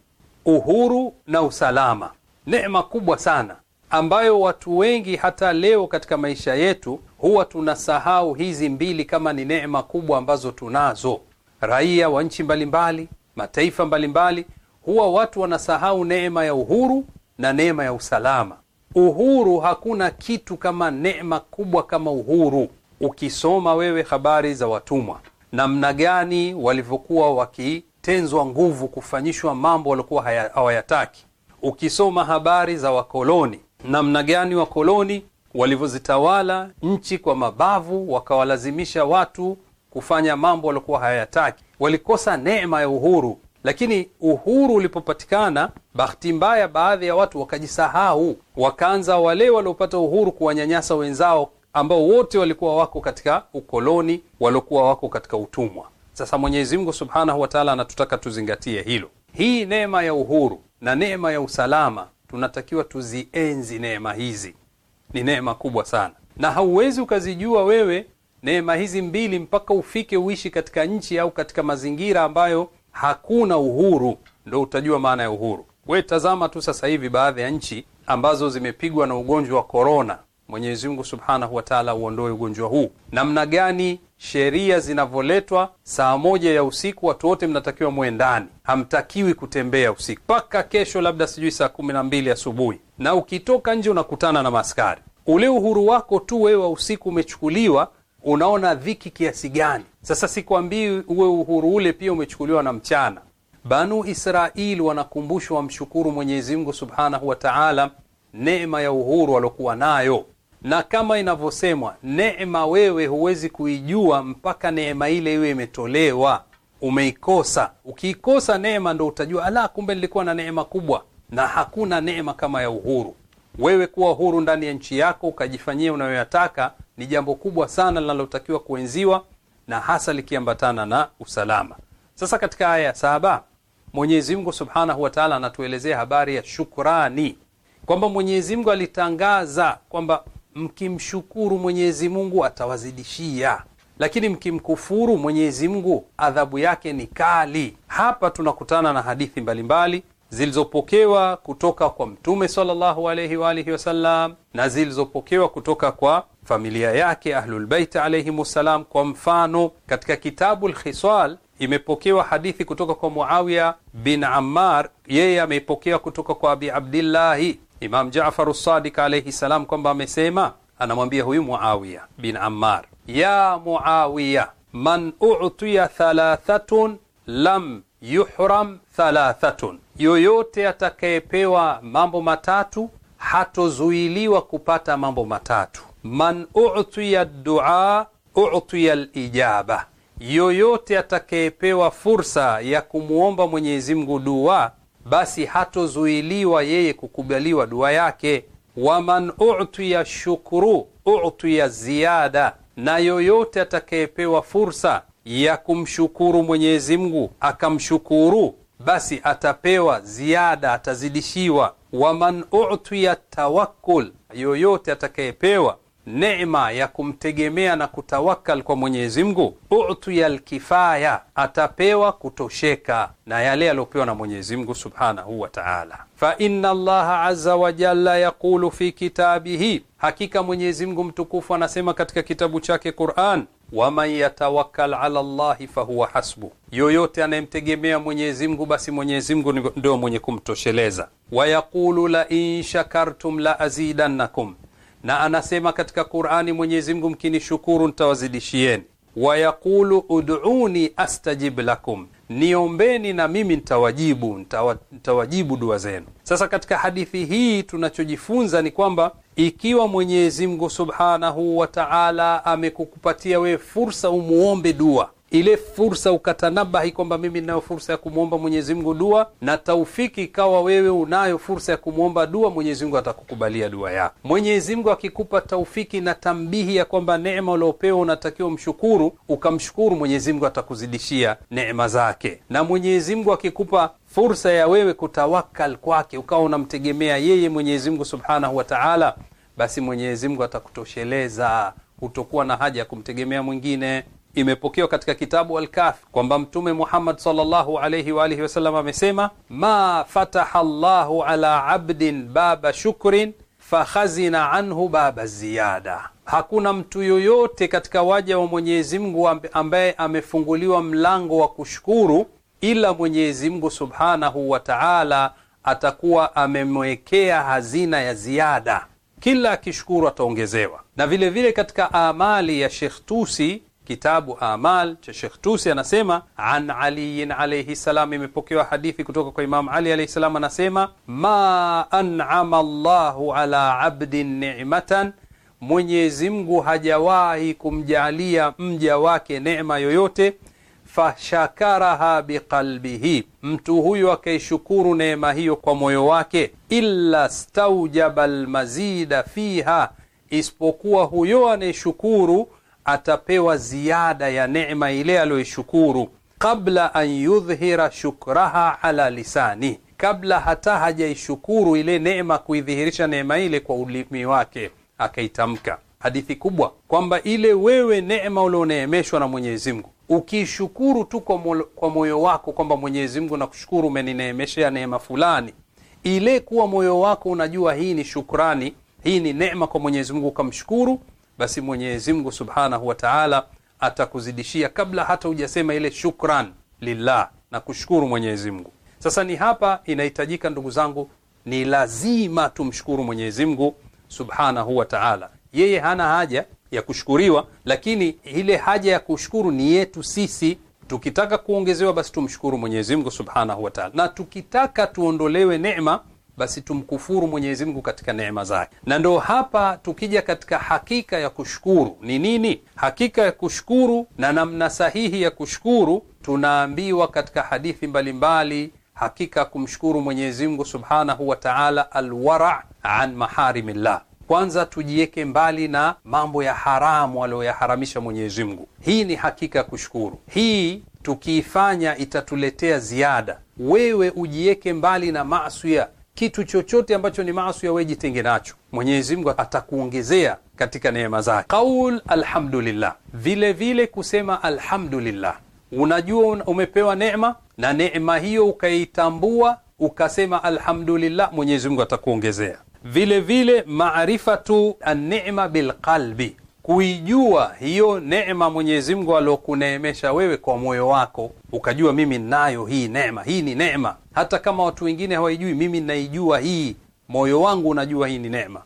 uhuru na usalama, neema kubwa sana ambayo watu wengi hata leo katika maisha yetu huwa tunasahau hizi mbili kama ni neema kubwa ambazo tunazo. Raia wa nchi mbalimbali, mataifa mbalimbali, huwa watu wanasahau neema ya uhuru na neema ya usalama. Uhuru, hakuna kitu kama neema kubwa kama uhuru ukisoma wewe habari za watumwa, namna gani walivyokuwa wakitenzwa nguvu, kufanyishwa mambo waliokuwa hawayataki. Ukisoma habari za wakoloni, namna gani wakoloni walivyozitawala nchi kwa mabavu, wakawalazimisha watu kufanya mambo waliokuwa hayataki. Walikosa neema ya uhuru, lakini uhuru ulipopatikana, bahati mbaya, baadhi ya watu wakajisahau, wakaanza wale waliopata uhuru kuwanyanyasa wenzao ambao wote walikuwa wako katika ukoloni, waliokuwa wako katika utumwa. Sasa Mwenyezi Mungu Subhanahu wataala anatutaka tuzingatie hilo. Hii neema ya uhuru na neema ya usalama, tunatakiwa tuzienzi neema hizi, ni neema kubwa sana, na hauwezi ukazijua wewe neema hizi mbili mpaka ufike uishi katika nchi au katika mazingira ambayo hakuna uhuru, ndo utajua maana ya uhuru. We tazama tu sasa hivi baadhi ya nchi ambazo zimepigwa na ugonjwa wa korona Mwenyezi Mungu Subhanahu wa Ta'ala uondoe ugonjwa huu. Namna gani sheria zinavyoletwa? Saa moja ya usiku watu wote mnatakiwa muwe ndani, hamtakiwi kutembea usiku mpaka kesho, labda sijui saa kumi na mbili asubuhi, na ukitoka nje unakutana na maskari. Ule uhuru wako tu wewe wa usiku umechukuliwa. Unaona dhiki kiasi gani? Sasa sikwambii uwe uhuru ule pia umechukuliwa na mchana. Banu Israili wanakumbushwa wamshukuru Mwenyezi Mungu Subhanahu wa Ta'ala neema ya uhuru waliokuwa nayo na kama inavyosemwa, neema wewe huwezi kuijua mpaka neema ile iwe imetolewa. Umeikosa, ukiikosa neema ndo utajua, ala, kumbe nilikuwa na neema kubwa. Na hakuna neema kama ya uhuru. Wewe kuwa huru ndani ya nchi yako ukajifanyia unayoyataka ni jambo kubwa sana linalotakiwa kuenziwa, na hasa likiambatana na usalama. Sasa katika aya ya saba Mwenyezi Mungu subhanahu wa taala anatuelezea habari ya shukrani, kwamba Mwenyezi Mungu alitangaza kwamba mkimshukuru Mwenyezi Mungu atawazidishia, lakini mkimkufuru Mwenyezi Mungu adhabu yake ni kali. Hapa tunakutana na hadithi mbalimbali zilizopokewa kutoka kwa Mtume sallallahu alayhi wa alihi wasallam na zilizopokewa kutoka kwa familia yake Ahlulbeit alayhim wassalam. Kwa mfano, katika kitabu Lkhisal imepokewa hadithi kutoka kwa Muawiya bin Ammar, yeye ameipokea kutoka kwa Abi Abdillahi Imam jafar Sadiq alayhi salam kwamba amesema, anamwambia huyu Muawiya bin Ammar, ya Muawiya, man utiya thalathatun lam yuhram thalathatun, yoyote atakayepewa mambo matatu hatozuiliwa kupata mambo matatu. Man utiya dua utiya lijaba, yoyote atakayepewa fursa ya kumwomba Mwenyezi Mungu dua basi hatozuiliwa yeye kukubaliwa dua yake. Waman utiya shukru utiya ziyada, na yoyote atakayepewa fursa ya kumshukuru Mwenyezi Mungu akamshukuru, basi atapewa ziada, atazidishiwa. Waman utiya tawakul yoyote atakayepewa neema ya kumtegemea na kutawakal kwa Mwenyezi Mungu, utiya lkifaya, atapewa kutosheka na yale aliyopewa na Mwenyezi Mungu subhanahu wa taala. Fa inna Allaha azza wa jalla yaqulu fi kitabihi, hakika Mwenyezi Mungu mtukufu anasema katika kitabu chake Quran, waman yatawakal ala Allahi fahuwa hasbu, yoyote anayemtegemea Mwenyezi Mungu basi Mwenyezi Mungu ndio mwenye kumtosheleza. Wayaqulu lain shakartum la azidannakum na anasema katika Qur'ani Mwenyezi Mungu, mkinishukuru ntawazidishieni wayaqulu ud'uni astajib lakum, niombeni na mimi ntawajibu ntawajibu dua zenu. Sasa katika hadithi hii tunachojifunza ni kwamba ikiwa Mwenyezi Mungu Subhanahu wa Ta'ala amekukupatia wewe fursa umuombe dua ile fursa ukatanabahi kwamba mimi ninayo fursa ya kumwomba Mwenyezi Mungu dua na taufiki, ikawa wewe unayo fursa ya kumwomba dua, Mwenyezi Mungu atakukubalia dua yako. Mwenyezi Mungu akikupa taufiki na tambihi ya kwamba neema uliopewa unatakiwa mshukuru, ukamshukuru, Mwenyezi Mungu atakuzidishia neema zake. Na Mwenyezi Mungu akikupa fursa ya wewe kutawakal kwake, ukawa unamtegemea yeye Mwenyezi Mungu Subhanahu wa Ta'ala, basi Mwenyezi Mungu atakutosheleza, hutokuwa na haja ya kumtegemea mwingine. Imepokewa katika kitabu al kwamba Mtume Muhammad sallallahu alayhi wa alihi wasallam amesema, ma fataha llahu ala abdin baba shukrin fakhazina anhu baba ziyada, hakuna mtu yoyote katika waja wa Mwenyezi Mungu ambaye amefunguliwa mlango wa kushukuru ila Mwenyezi Mungu subhanahu wa taala atakuwa amemwekea hazina ya ziada, kila akishukuru ataongezewa. Na vilevile vile katika amali ya shekh Tusi kitabu Amal cha Shekh Tusi anasema, an aliyin alaihi salam, imepokewa hadithi kutoka kwa imam Ali alaihi salam anasema, ma an'ama Allahu ala abdin ni'matan, Mwenyezi Mungu hajawahi kumjalia mja wake neema yoyote fashakaraha biqalbihi, mtu huyo akaishukuru neema hiyo kwa moyo wake. Illa staujaba lmazida fiha, isipokuwa huyo anayeshukuru atapewa ziada ya neema ile aliyoishukuru, kabla an yudhhira shukraha ala lisani, kabla hata hajaishukuru ile neema, kuidhihirisha neema ile kwa ulimi wake akaitamka. Hadithi kubwa kwamba ile wewe neema ulioneemeshwa na Mwenyezi Mungu ukiishukuru tu kwa moyo wako kwamba Mwenyezi Mungu nakushukuru, umenineemeshea neema fulani, ile kuwa moyo wako unajua hii ni shukrani, hii ni neema kwa Mwenyezi Mungu, ukamshukuru basi Mwenyezi Mungu subhanahu wa taala atakuzidishia kabla hata hujasema ile shukran lillah na kushukuru Mwenyezi Mungu. Sasa ni hapa inahitajika, ndugu zangu, ni lazima tumshukuru Mwenyezi Mungu subhanahu wa taala. Yeye hana haja ya kushukuriwa, lakini ile haja ya kushukuru ni yetu sisi. Tukitaka kuongezewa, basi tumshukuru Mwenyezi Mungu subhanahu wa taala, na tukitaka tuondolewe neema basi tumkufuru Mwenyezi Mungu katika neema zake. Na ndo hapa tukija katika hakika ya kushukuru ni nini? Hakika ya kushukuru na namna sahihi ya kushukuru, tunaambiwa katika hadithi mbalimbali mbali, hakika kumshukuru Mwenyezi Mungu subhanahu wa taala, alwara an maharimillah kwanza tujiweke mbali na mambo ya haramu aliyoyaharamisha Mwenyezi Mungu. Hii ni hakika ya kushukuru. Hii tukiifanya itatuletea ziada. Wewe ujiweke mbali na masia kitu chochote ambacho ni maasi ya wejitenge nacho, Mwenyezi Mungu atakuongezea katika neema zake. Qaul alhamdulillah, vile vile kusema alhamdulillah. Unajua umepewa neema na neema hiyo ukaitambua, ukasema alhamdulillah, Mwenyezi Mungu atakuongezea vile vile. Maarifatu bilqalbi kuijua hiyo neema Mwenyezi Mungu aliokuneemesha wewe kwa moyo wako, ukajua mimi nayo hii neema. Hii ni neema, hata kama watu wengine hawaijui, mimi naijua hii, moyo wangu unajua hii ni neema,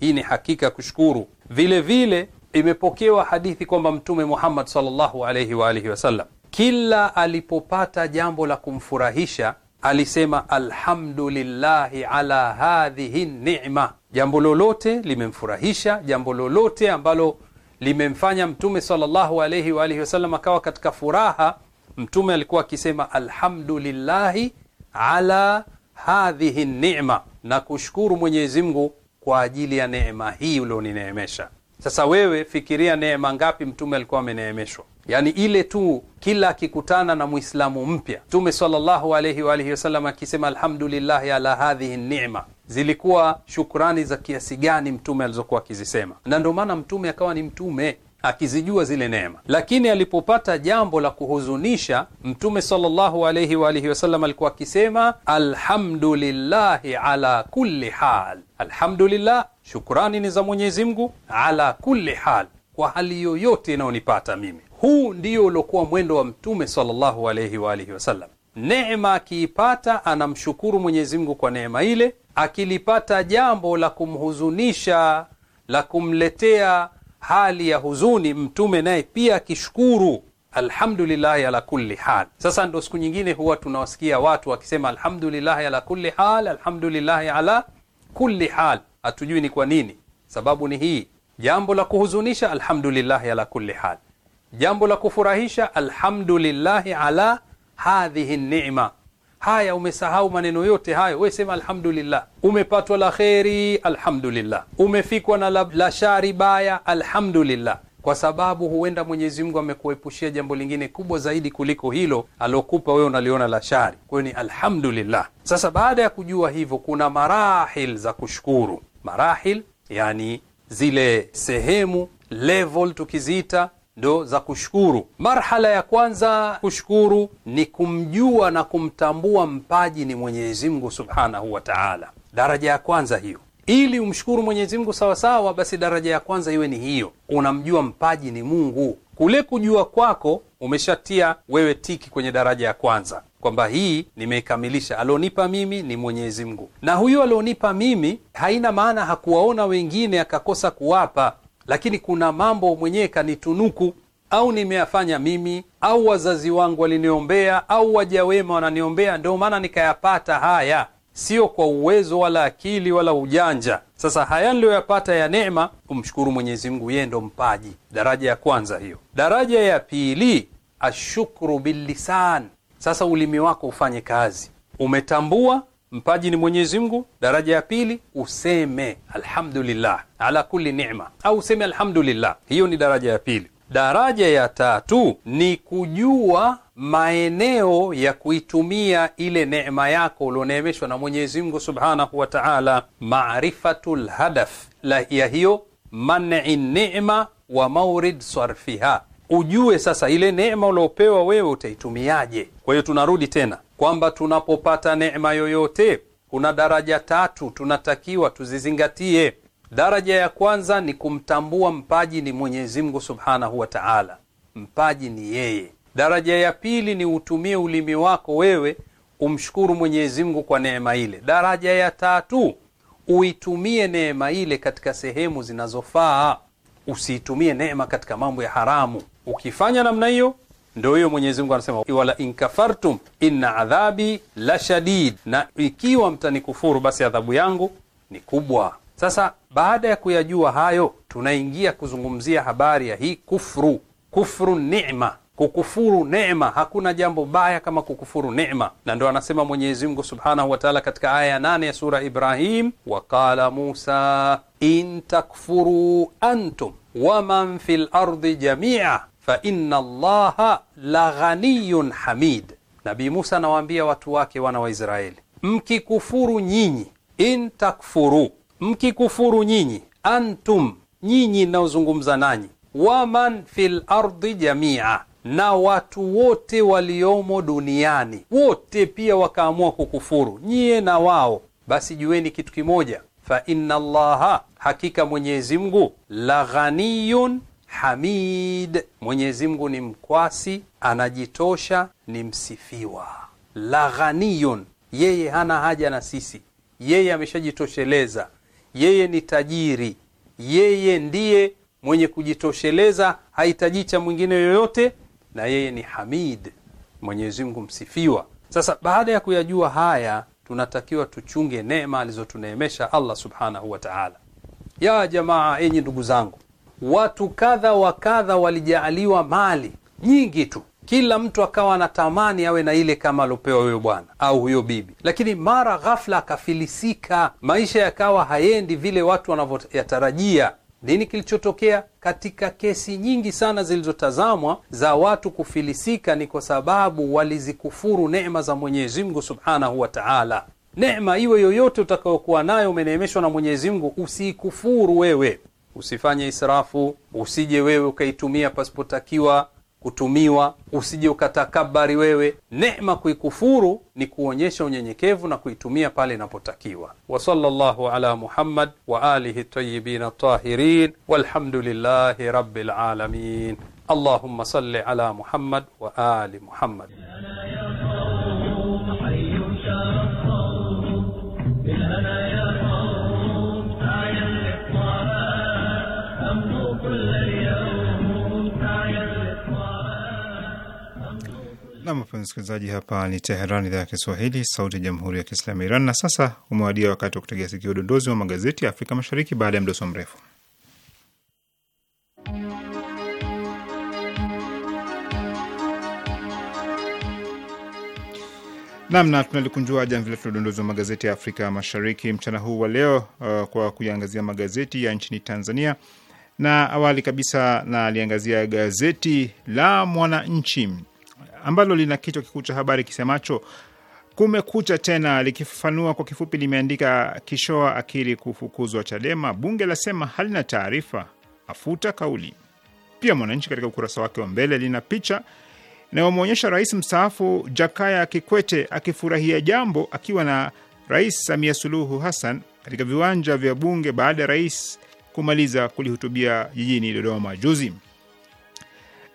hii ni hakika kushukuru. Vile vile imepokewa hadithi kwamba Mtume Muhammad sallallahu alayhi wa alihi wasallam kila alipopata jambo la kumfurahisha alisema alhamdulillahi ala hadhihi ni'ma. Jambo lolote limemfurahisha, jambo lolote ambalo limemfanya Mtume sallallahu alaihi wa alihi wasallam akawa katika furaha. Mtume alikuwa akisema alhamdulillahi ala hadhihi ni'ma, na kushukuru Mwenyezi Mungu kwa ajili ya neema hii ulionineemesha. Sasa wewe fikiria neema ngapi Mtume alikuwa ameneemeshwa, yani ile tu, kila akikutana na mwislamu mpya Mtume sallallahu alaihi wa alihi wasallam akisema alhamdulillahi ala hadhihi ni'ma zilikuwa shukrani za kiasi gani mtume alizokuwa akizisema, na ndio maana mtume akawa ni mtume akizijua zile neema. Lakini alipopata jambo la kuhuzunisha, mtume sallallahu wa alihi wasallam alikuwa akisema alhamdulillahi ala kulli hal. Alhamdulillah, shukrani ni za Mwenyezi Mungu, ala kulli hal, kwa hali yoyote inayonipata mimi. Huu ndio uliokuwa mwendo wa mtume sallallahu alayhi wa alihi wasallam. Neema akiipata anamshukuru Mwenyezi Mungu kwa neema ile akilipata jambo la kumhuzunisha la kumletea hali ya huzuni, Mtume naye pia akishukuru alhamdulillahi ala kulli hal. Sasa ndo siku nyingine huwa tunawasikia watu wakisema alhamdulillahi ala kulli hal, alhamdulillahi ala kulli hal. Hatujui ni kwa nini, sababu ni hii: jambo la kuhuzunisha, alhamdulillahi ala kulli hal; jambo la kufurahisha, alhamdulillahi ala hadhihi nima Haya, umesahau maneno yote hayo, we sema alhamdulillah. Umepatwa la kheri, alhamdulillah. Umefikwa na la, la shari baya, alhamdulillah, kwa sababu huenda Mwenyezi Mungu amekuepushia jambo lingine kubwa zaidi kuliko hilo alokupa wewe unaliona la shari. Kwa hiyo ni alhamdulillah. Sasa baada ya kujua hivyo, kuna marahil za kushukuru. Marahil yani zile sehemu level tukiziita ndo za kushukuru. Marhala ya kwanza kushukuru ni kumjua na kumtambua mpaji ni Mwenyezi Mungu subhanahu wa taala, daraja ya kwanza hiyo. Ili umshukuru Mwenyezi Mungu sawasawa, basi daraja ya kwanza iwe ni hiyo, unamjua mpaji ni Mungu. Kule kujua kwako umeshatia wewe tiki kwenye daraja ya kwanza kwamba hii nimeikamilisha, alionipa mimi ni Mwenyezi Mungu, na huyu alionipa mimi haina maana hakuwaona wengine akakosa kuwapa lakini kuna mambo mwenyewe kanitunuku au nimeyafanya mimi au wazazi wangu waliniombea au waja wema wananiombea, ndio maana nikayapata haya, sio kwa uwezo wala akili wala ujanja. Sasa haya niliyoyapata ya neema, umshukuru Mwenyezi Mungu, yeye ndo mpaji. Daraja ya kwanza hiyo. Daraja ya pili, ashukuru billisan. Sasa ulimi wako ufanye kazi, umetambua Mpaji ni Mwenyezi Mungu. Daraja ya pili useme alhamdulillah ala kulli ni'ma, au useme alhamdulillah. Hiyo ni daraja ya pili. Daraja ya tatu ni kujua maeneo ya kuitumia ile neema yako ulioneemeshwa na Mwenyezi Mungu subhanahu wa taala, marifatu lhadaf ya hiyo man'i ni'ma wa maurid sarfiha ujue sasa ile neema uliopewa wewe utaitumiaje. Kwa hiyo tunarudi tena kwamba tunapopata neema yoyote kuna daraja tatu tunatakiwa tuzizingatie. Daraja ya kwanza ni kumtambua mpaji ni Mwenyezi Mungu subhanahu wa taala, mpaji ni yeye. Daraja ya pili ni utumie ulimi wako wewe umshukuru Mwenyezi Mungu kwa neema ile. Daraja ya tatu uitumie neema ile katika sehemu zinazofaa, usiitumie neema katika mambo ya haramu. Ukifanya namna hiyo ndo hiyo Mwenyezi Mungu anasema wala inkafartum inna adhabi la shadid, na ikiwa mtanikufuru basi adhabu yangu ni kubwa. Sasa baada ya kuyajua hayo, tunaingia kuzungumzia habari ya hii kufru, kufru nema, kukufuru nema. Hakuna jambo baya kama kukufuru nema, na ndo anasema Mwenyezi Mungu subhanahu wa taala katika aya ya nane ya sura Ibrahim, waqala Musa in takfuru antum waman fi lardi jamia fa inna llaha la ghaniyun hamid. Nabii Musa anawaambia watu wake wana wa Israeli, mkikufuru nyinyi, in takfuru, mkikufuru nyinyi, antum, nyinyi naozungumza nanyi, waman fil ardi jamia, na watu wote waliomo duniani wote pia wakaamua kukufuru nyie na wao, basi jueni kitu kimoja, fa inna llaha hakika Mwenyezi Mungu la ghaniyun Hamid, Mwenyezi Mungu ni mkwasi, anajitosha, ni msifiwa. La ghaniyun, yeye hana haja na sisi, yeye ameshajitosheleza, yeye ni tajiri, yeye ndiye mwenye kujitosheleza, hahitaji cha mwingine yoyote, na yeye ni Hamid, Mwenyezi Mungu msifiwa. Sasa baada ya kuyajua haya, tunatakiwa tuchunge neema alizotuneemesha Allah subhanahu wa taala. Ya jamaa, enyi ndugu zangu watu kadha wa kadha walijaaliwa mali nyingi tu, kila mtu akawa anatamani awe na ile kama aliopewa huyo bwana au huyo bibi, lakini mara ghafla akafilisika, maisha yakawa hayendi vile watu wanavyoyatarajia. Nini kilichotokea? Katika kesi nyingi sana zilizotazamwa za watu kufilisika, ni kwa sababu walizikufuru neema za Mwenyezi Mungu subhanahu wa taala. Neema iwe yoyote utakayokuwa nayo, umeneemeshwa na Mwenyezi Mungu, usiikufuru wewe usifanye israfu, usije wewe ukaitumia pasipotakiwa kutumiwa, usije ukatakabari wewe. Neema kuikufuru ni kuonyesha unyenyekevu na kuitumia pale inapotakiwa. Wa sallallahu ala Muhammad wa alihi tayyibin tahirin walhamdulillahi rabbil alamin. Allahumma salli ala Muhammad wa ali Muhammad. na wapenzi msikilizaji, hapa ni Teheran, idhaa ya Kiswahili, sauti ya jamhuri ya kiislamu ya Iran. Na sasa umewadia wakati wa kutegea sikio udondozi wa magazeti ya Afrika Mashariki baada ya mdoso mrefu. Namna tunalikunjua jamvi letu la udondozi wa magazeti ya Afrika Mashariki mchana huu wa leo, uh, kwa kuyaangazia magazeti ya nchini Tanzania na awali kabisa naliangazia gazeti la Mwananchi ambalo lina kichwa kikuu cha habari kisemacho kumekucha tena. Likifafanua kwa kifupi, limeandika kishoa akili kufukuzwa Chadema, bunge lasema halina taarifa, afuta kauli. Pia Mwananchi katika ukurasa wake wa mbele lina picha inayomwonyesha rais mstaafu Jakaya Kikwete akifurahia jambo akiwa na Rais Samia Suluhu Hassan katika viwanja vya bunge baada ya rais kumaliza kulihutubia jijini Dodoma juzi.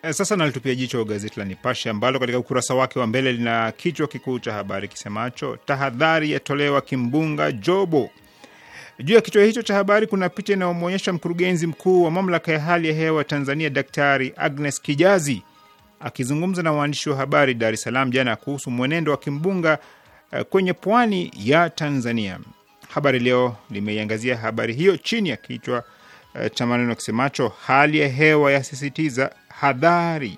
Eh, sasa nalitupia jicho gazeti la Nipashe ambalo katika ukurasa wake wa mbele lina kichwa kikuu cha habari kisemacho tahadhari yatolewa kimbunga Jobo. Juu ya kichwa hicho cha habari kuna picha inayomwonyesha mkurugenzi mkuu wa mamlaka ya hali ya hewa Tanzania, Daktari Agnes Kijazi akizungumza na waandishi wa habari Dar es Salaam jana kuhusu mwenendo wa kimbunga eh, kwenye pwani ya Tanzania. Habari Leo limeiangazia habari hiyo chini ya kichwa eh, cha maneno kisemacho hali ya hewa yasisitiza tahadhari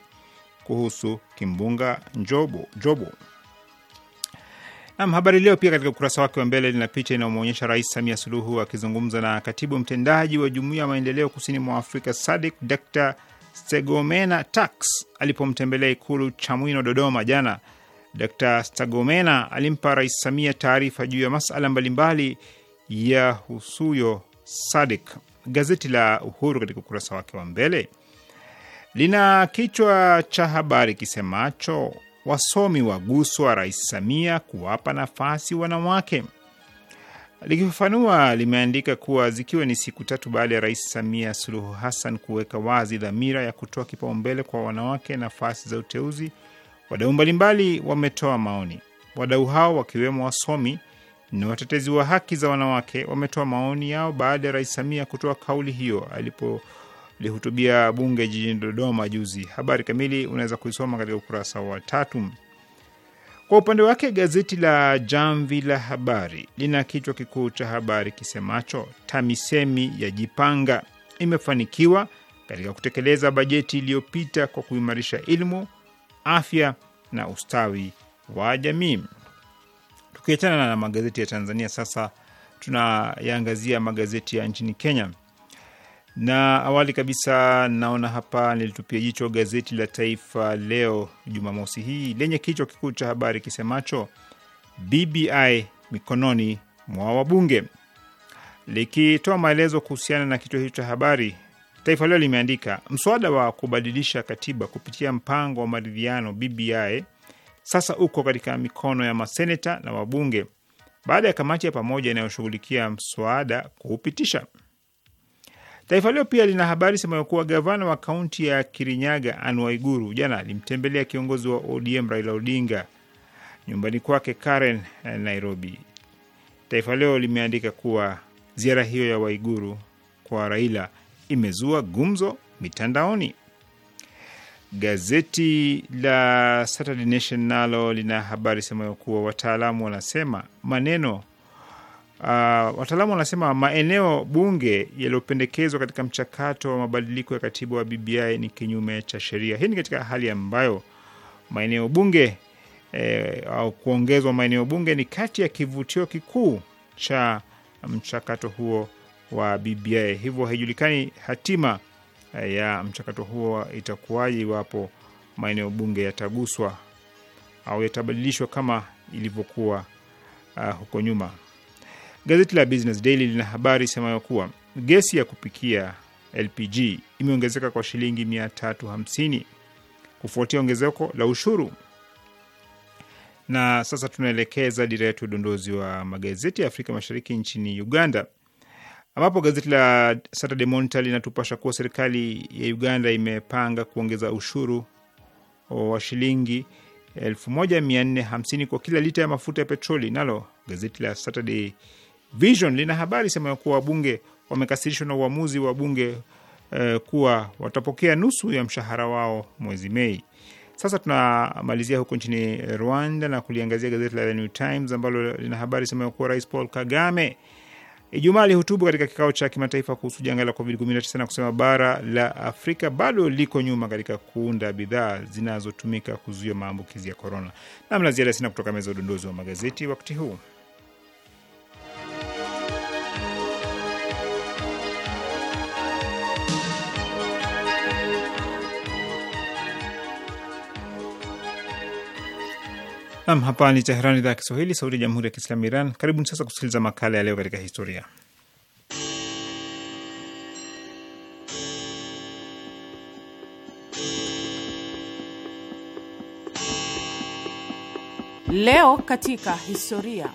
kuhusu kimbunga Njobo, Jobo. Nam, Habari Leo pia katika ukurasa wake wa mbele lina picha inayomwonyesha Rais Samia Suluhu akizungumza na katibu mtendaji wa Jumuiya ya Maendeleo Kusini mwa Afrika SADC Dr Stegomena Tax alipomtembelea Ikulu Chamwino, Dodoma jana. Dr Stegomena alimpa Rais Samia taarifa juu ya masala mbalimbali ya husuyo SADC. Gazeti la Uhuru katika ukurasa wake wa mbele lina kichwa cha habari kisemacho wasomi waguswa Rais Samia kuwapa nafasi wanawake. Likifafanua, limeandika kuwa zikiwa ni siku tatu baada ya Rais Samia Suluhu Hassan kuweka wazi dhamira ya kutoa kipaumbele kwa wanawake nafasi za uteuzi, wadau mbalimbali wametoa maoni. Wadau hao wakiwemo wasomi na watetezi wa haki za wanawake wametoa maoni yao baada ya Rais Samia kutoa kauli hiyo alipo lihutubia bunge jijini Dodoma juzi. Habari kamili unaweza kuisoma katika ukurasa wa tatu. Kwa upande wake gazeti la Jamvi la Habari lina kichwa kikuu cha habari kisemacho TAMISEMI ya jipanga imefanikiwa katika kutekeleza bajeti iliyopita kwa kuimarisha elimu, afya na ustawi wa jamii. Tukiachana na magazeti ya Tanzania, sasa tunayaangazia magazeti ya nchini Kenya. Na awali kabisa, naona hapa nilitupia jicho gazeti la Taifa Leo Jumamosi hii lenye kichwa kikuu cha habari kisemacho BBI mikononi mwa wabunge. Likitoa maelezo kuhusiana na kichwa hicho cha habari, Taifa Leo limeandika mswada wa kubadilisha katiba kupitia mpango wa maridhiano BBI sasa uko katika mikono ya maseneta na wabunge baada ya kamati ya pamoja inayoshughulikia mswada kuupitisha. Taifa Leo pia lina habari semayo kuwa gavana wa kaunti ya Kirinyaga Anne Waiguru jana alimtembelea kiongozi wa ODM Raila Odinga nyumbani kwake Karen, eh, Nairobi. Taifa Leo limeandika kuwa ziara hiyo ya Waiguru kwa Raila imezua gumzo mitandaoni. Gazeti la Saturday Nation nalo lina habari semayo kuwa wataalamu wanasema maneno Uh, wataalamu wanasema maeneo bunge yaliyopendekezwa katika mchakato wa mabadiliko ya katiba wa BBI ni kinyume cha sheria. Hii ni katika hali ambayo maeneo bunge eh, au kuongezwa maeneo bunge ni kati ya kivutio kikuu cha mchakato huo wa BBI. Hivyo haijulikani hatima eh, ya mchakato huo itakuwaje iwapo maeneo bunge yataguswa au yatabadilishwa kama ilivyokuwa uh, huko nyuma. Gazeti la Business Daily lina habari isemayo kuwa gesi ya kupikia LPG imeongezeka kwa shilingi 350 kufuatia ongezeko la ushuru. Na sasa tunaelekeza dira yetu udondozi wa magazeti ya Afrika Mashariki nchini Uganda, ambapo gazeti la Saturday Monitor linatupasha kuwa serikali ya Uganda imepanga kuongeza ushuru wa shilingi 1450 kwa kila lita ya mafuta ya petroli. Nalo gazeti la Saturday Vision lina habari semayo kuwa wabunge wamekasirishwa na uamuzi wa bunge eh, kuwa watapokea nusu ya mshahara wao mwezi Mei. Sasa tunamalizia huko nchini Rwanda na kuliangazia gazeti la The New Times ambalo lina habari semayo kuwa Rais Paul Kagame Ijumaa alihutubu katika kikao cha kimataifa kuhusu janga la COVID-19 na kusema bara la Afrika bado liko nyuma katika kuunda bidhaa zinazotumika kuzuia maambukizi ya korona. ziada sina kutoka meza udondozi wa magazeti wakati huu. Nam, hapa ni Teherani, idhaa ya Kiswahili, sauti ya jamhuri ya kiislamu Iran. Karibuni sasa kusikiliza makala ya leo katika historia. Leo katika historia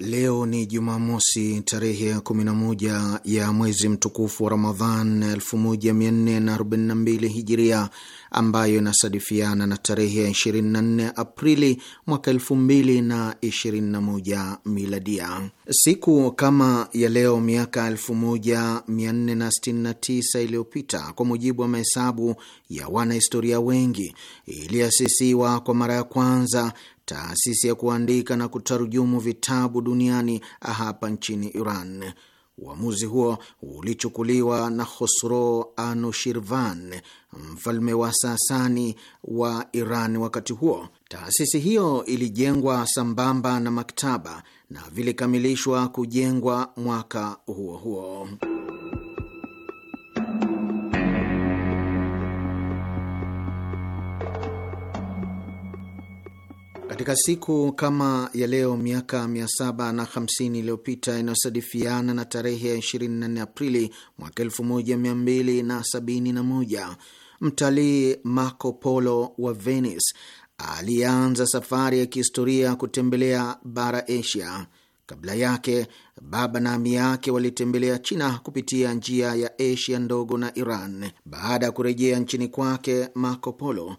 Leo ni Jumamosi, tarehe ya 11 ya mwezi mtukufu wa Ramadhan 1442 Hijiria, ambayo inasadifiana na tarehe ya 24 Aprili mwaka 2021 Miladia. Siku kama ya leo miaka 1469 iliyopita, kwa mujibu wa mahesabu ya wanahistoria wengi, iliasisiwa kwa mara ya kwanza taasisi ya kuandika na kutarujumu vitabu duniani hapa nchini Iran. Uamuzi huo ulichukuliwa na Khosro Anushirvan, mfalme wa Sasani wa Iran wakati huo. Taasisi hiyo ilijengwa sambamba na maktaba na vilikamilishwa kujengwa mwaka huo huo. Katika siku kama ya leo miaka 750 iliyopita inayosadifiana na tarehe ya 24 Aprili mwaka 1271 mtalii Marco Polo wa Venice alianza safari ya kihistoria kutembelea bara Asia. Kabla yake baba na ami yake walitembelea China kupitia njia ya Asia ndogo na Iran. Baada ya kurejea nchini kwake, Marco Polo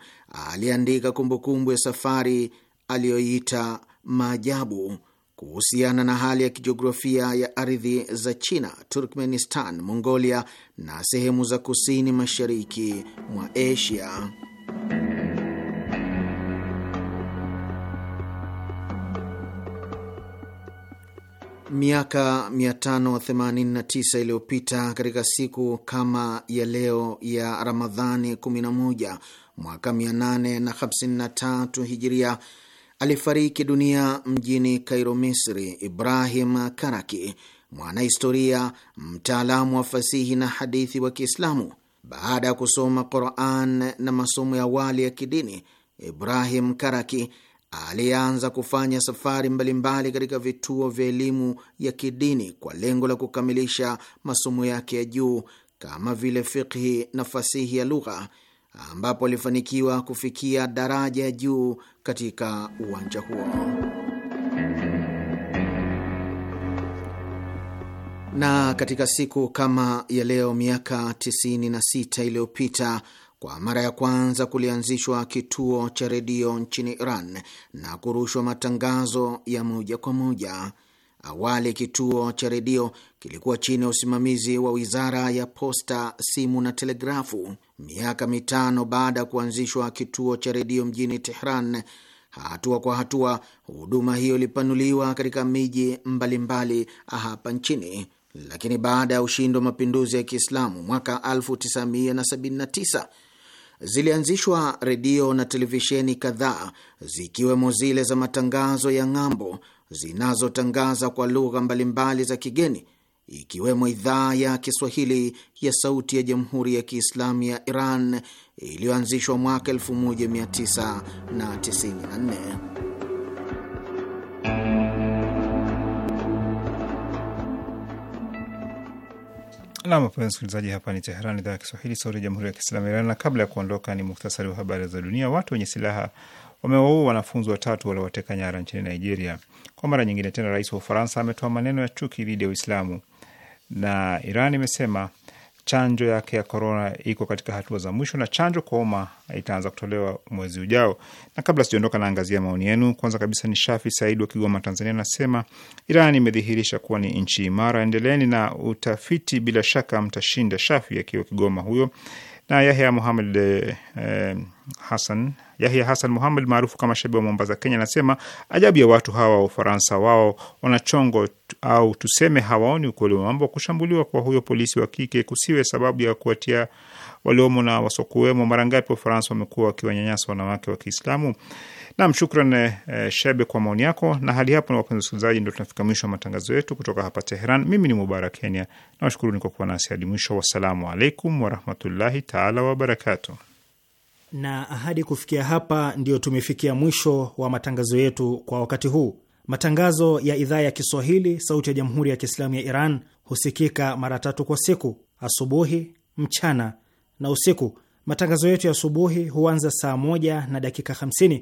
aliandika kumbukumbu ya safari aliyoita maajabu kuhusiana na hali ya kijiografia ya ardhi za China, Turkmenistan, Mongolia na sehemu za kusini mashariki mwa Asia. Miaka 589 iliyopita katika siku kama ya leo ya Ramadhani 11 mwaka 853 hijiria alifariki dunia mjini Kairo, Misri. Ibrahim Karaki, mwanahistoria mtaalamu wa fasihi na hadithi wa Kiislamu, baada ya kusoma Quran na masomo ya awali ya kidini, Ibrahim Karaki alianza kufanya safari mbalimbali katika vituo vya elimu ya kidini kwa lengo la kukamilisha masomo yake ya juu kama vile fikhi na fasihi ya lugha ambapo alifanikiwa kufikia daraja ya juu katika uwanja huo. Na katika siku kama ya leo miaka 96 iliyopita kwa mara ya kwanza kulianzishwa kituo cha redio nchini Iran na kurushwa matangazo ya moja kwa moja. Awali kituo cha redio kilikuwa chini ya usimamizi wa wizara ya posta, simu na telegrafu miaka mitano baada ya kuanzishwa kituo cha redio mjini Tehran. Hatua kwa hatua, huduma hiyo ilipanuliwa katika miji mbalimbali hapa nchini. Lakini baada ya ushindi wa mapinduzi ya Kiislamu mwaka 1979 zilianzishwa redio na televisheni kadhaa zikiwemo zile za matangazo ya ng'ambo zinazotangaza kwa lugha mbalimbali za kigeni ikiwemo idhaa ya Kiswahili ya Sauti ya Jamhuri ya Kiislamu ya Iran iliyoanzishwa mwaka 1994. Nam, msikilizaji, hapa ni Teheran, idhaa ya Kiswahili, sauti ya jamhuri ya kiislamu Iran. Na kabla ya kuondoka, ni muhtasari wa habari za dunia. Watu wenye silaha wamewaua wanafunzi watatu waliowateka nyara nchini Nigeria. Kwa mara nyingine tena, rais wa Ufaransa ametoa maneno ya chuki dhidi ya Uislamu na Iran imesema chanjo yake ya korona iko katika hatua za mwisho na chanjo kwa umma itaanza kutolewa mwezi ujao. Na kabla sijaondoka, naangazia maoni yenu. Kwanza kabisa ni Shafi Said wa Kigoma, Tanzania, anasema Iran imedhihirisha kuwa ni nchi imara, endeleni na utafiti, bila shaka mtashinda. Shafi akiwa Kigoma huyo na Yahya Muhamed eh, Hasan Yahya Hasan Muhamed maarufu kama Shabi wa Mombasa, Kenya, anasema ajabu ya watu hawa wa Ufaransa, wao wanachongo au tuseme hawaoni ukweli wa mambo. Kushambuliwa kwa huyo polisi wa kike kusiwe sababu ya kuwatia waliomo na wasokuwemo. Mara ngapi ufaransa wamekuwa wakiwanyanyasa wanawake wa Kiislamu? Nam, shukran e, Shebe, kwa maoni yako. Na hadi hapo, na wapenzi wasikilizaji, ndo tunafika mwisho wa matangazo yetu kutoka hapa Teheran. Mimi ni Mubarak Kenya nawashukuruni kwa kuwa nasi hadi mwisho. Wassalamu alaikum warahmatullahi taala wabarakatu. Na hadi kufikia hapa, ndio tumefikia mwisho wa matangazo yetu kwa wakati huu. Matangazo ya idhaa ya Kiswahili sauti ya jamhuri ya Kiislamu ya Iran husikika mara tatu kwa siku: asubuhi, mchana na usiku. Matangazo yetu ya asubuhi huanza saa moja na dakika 50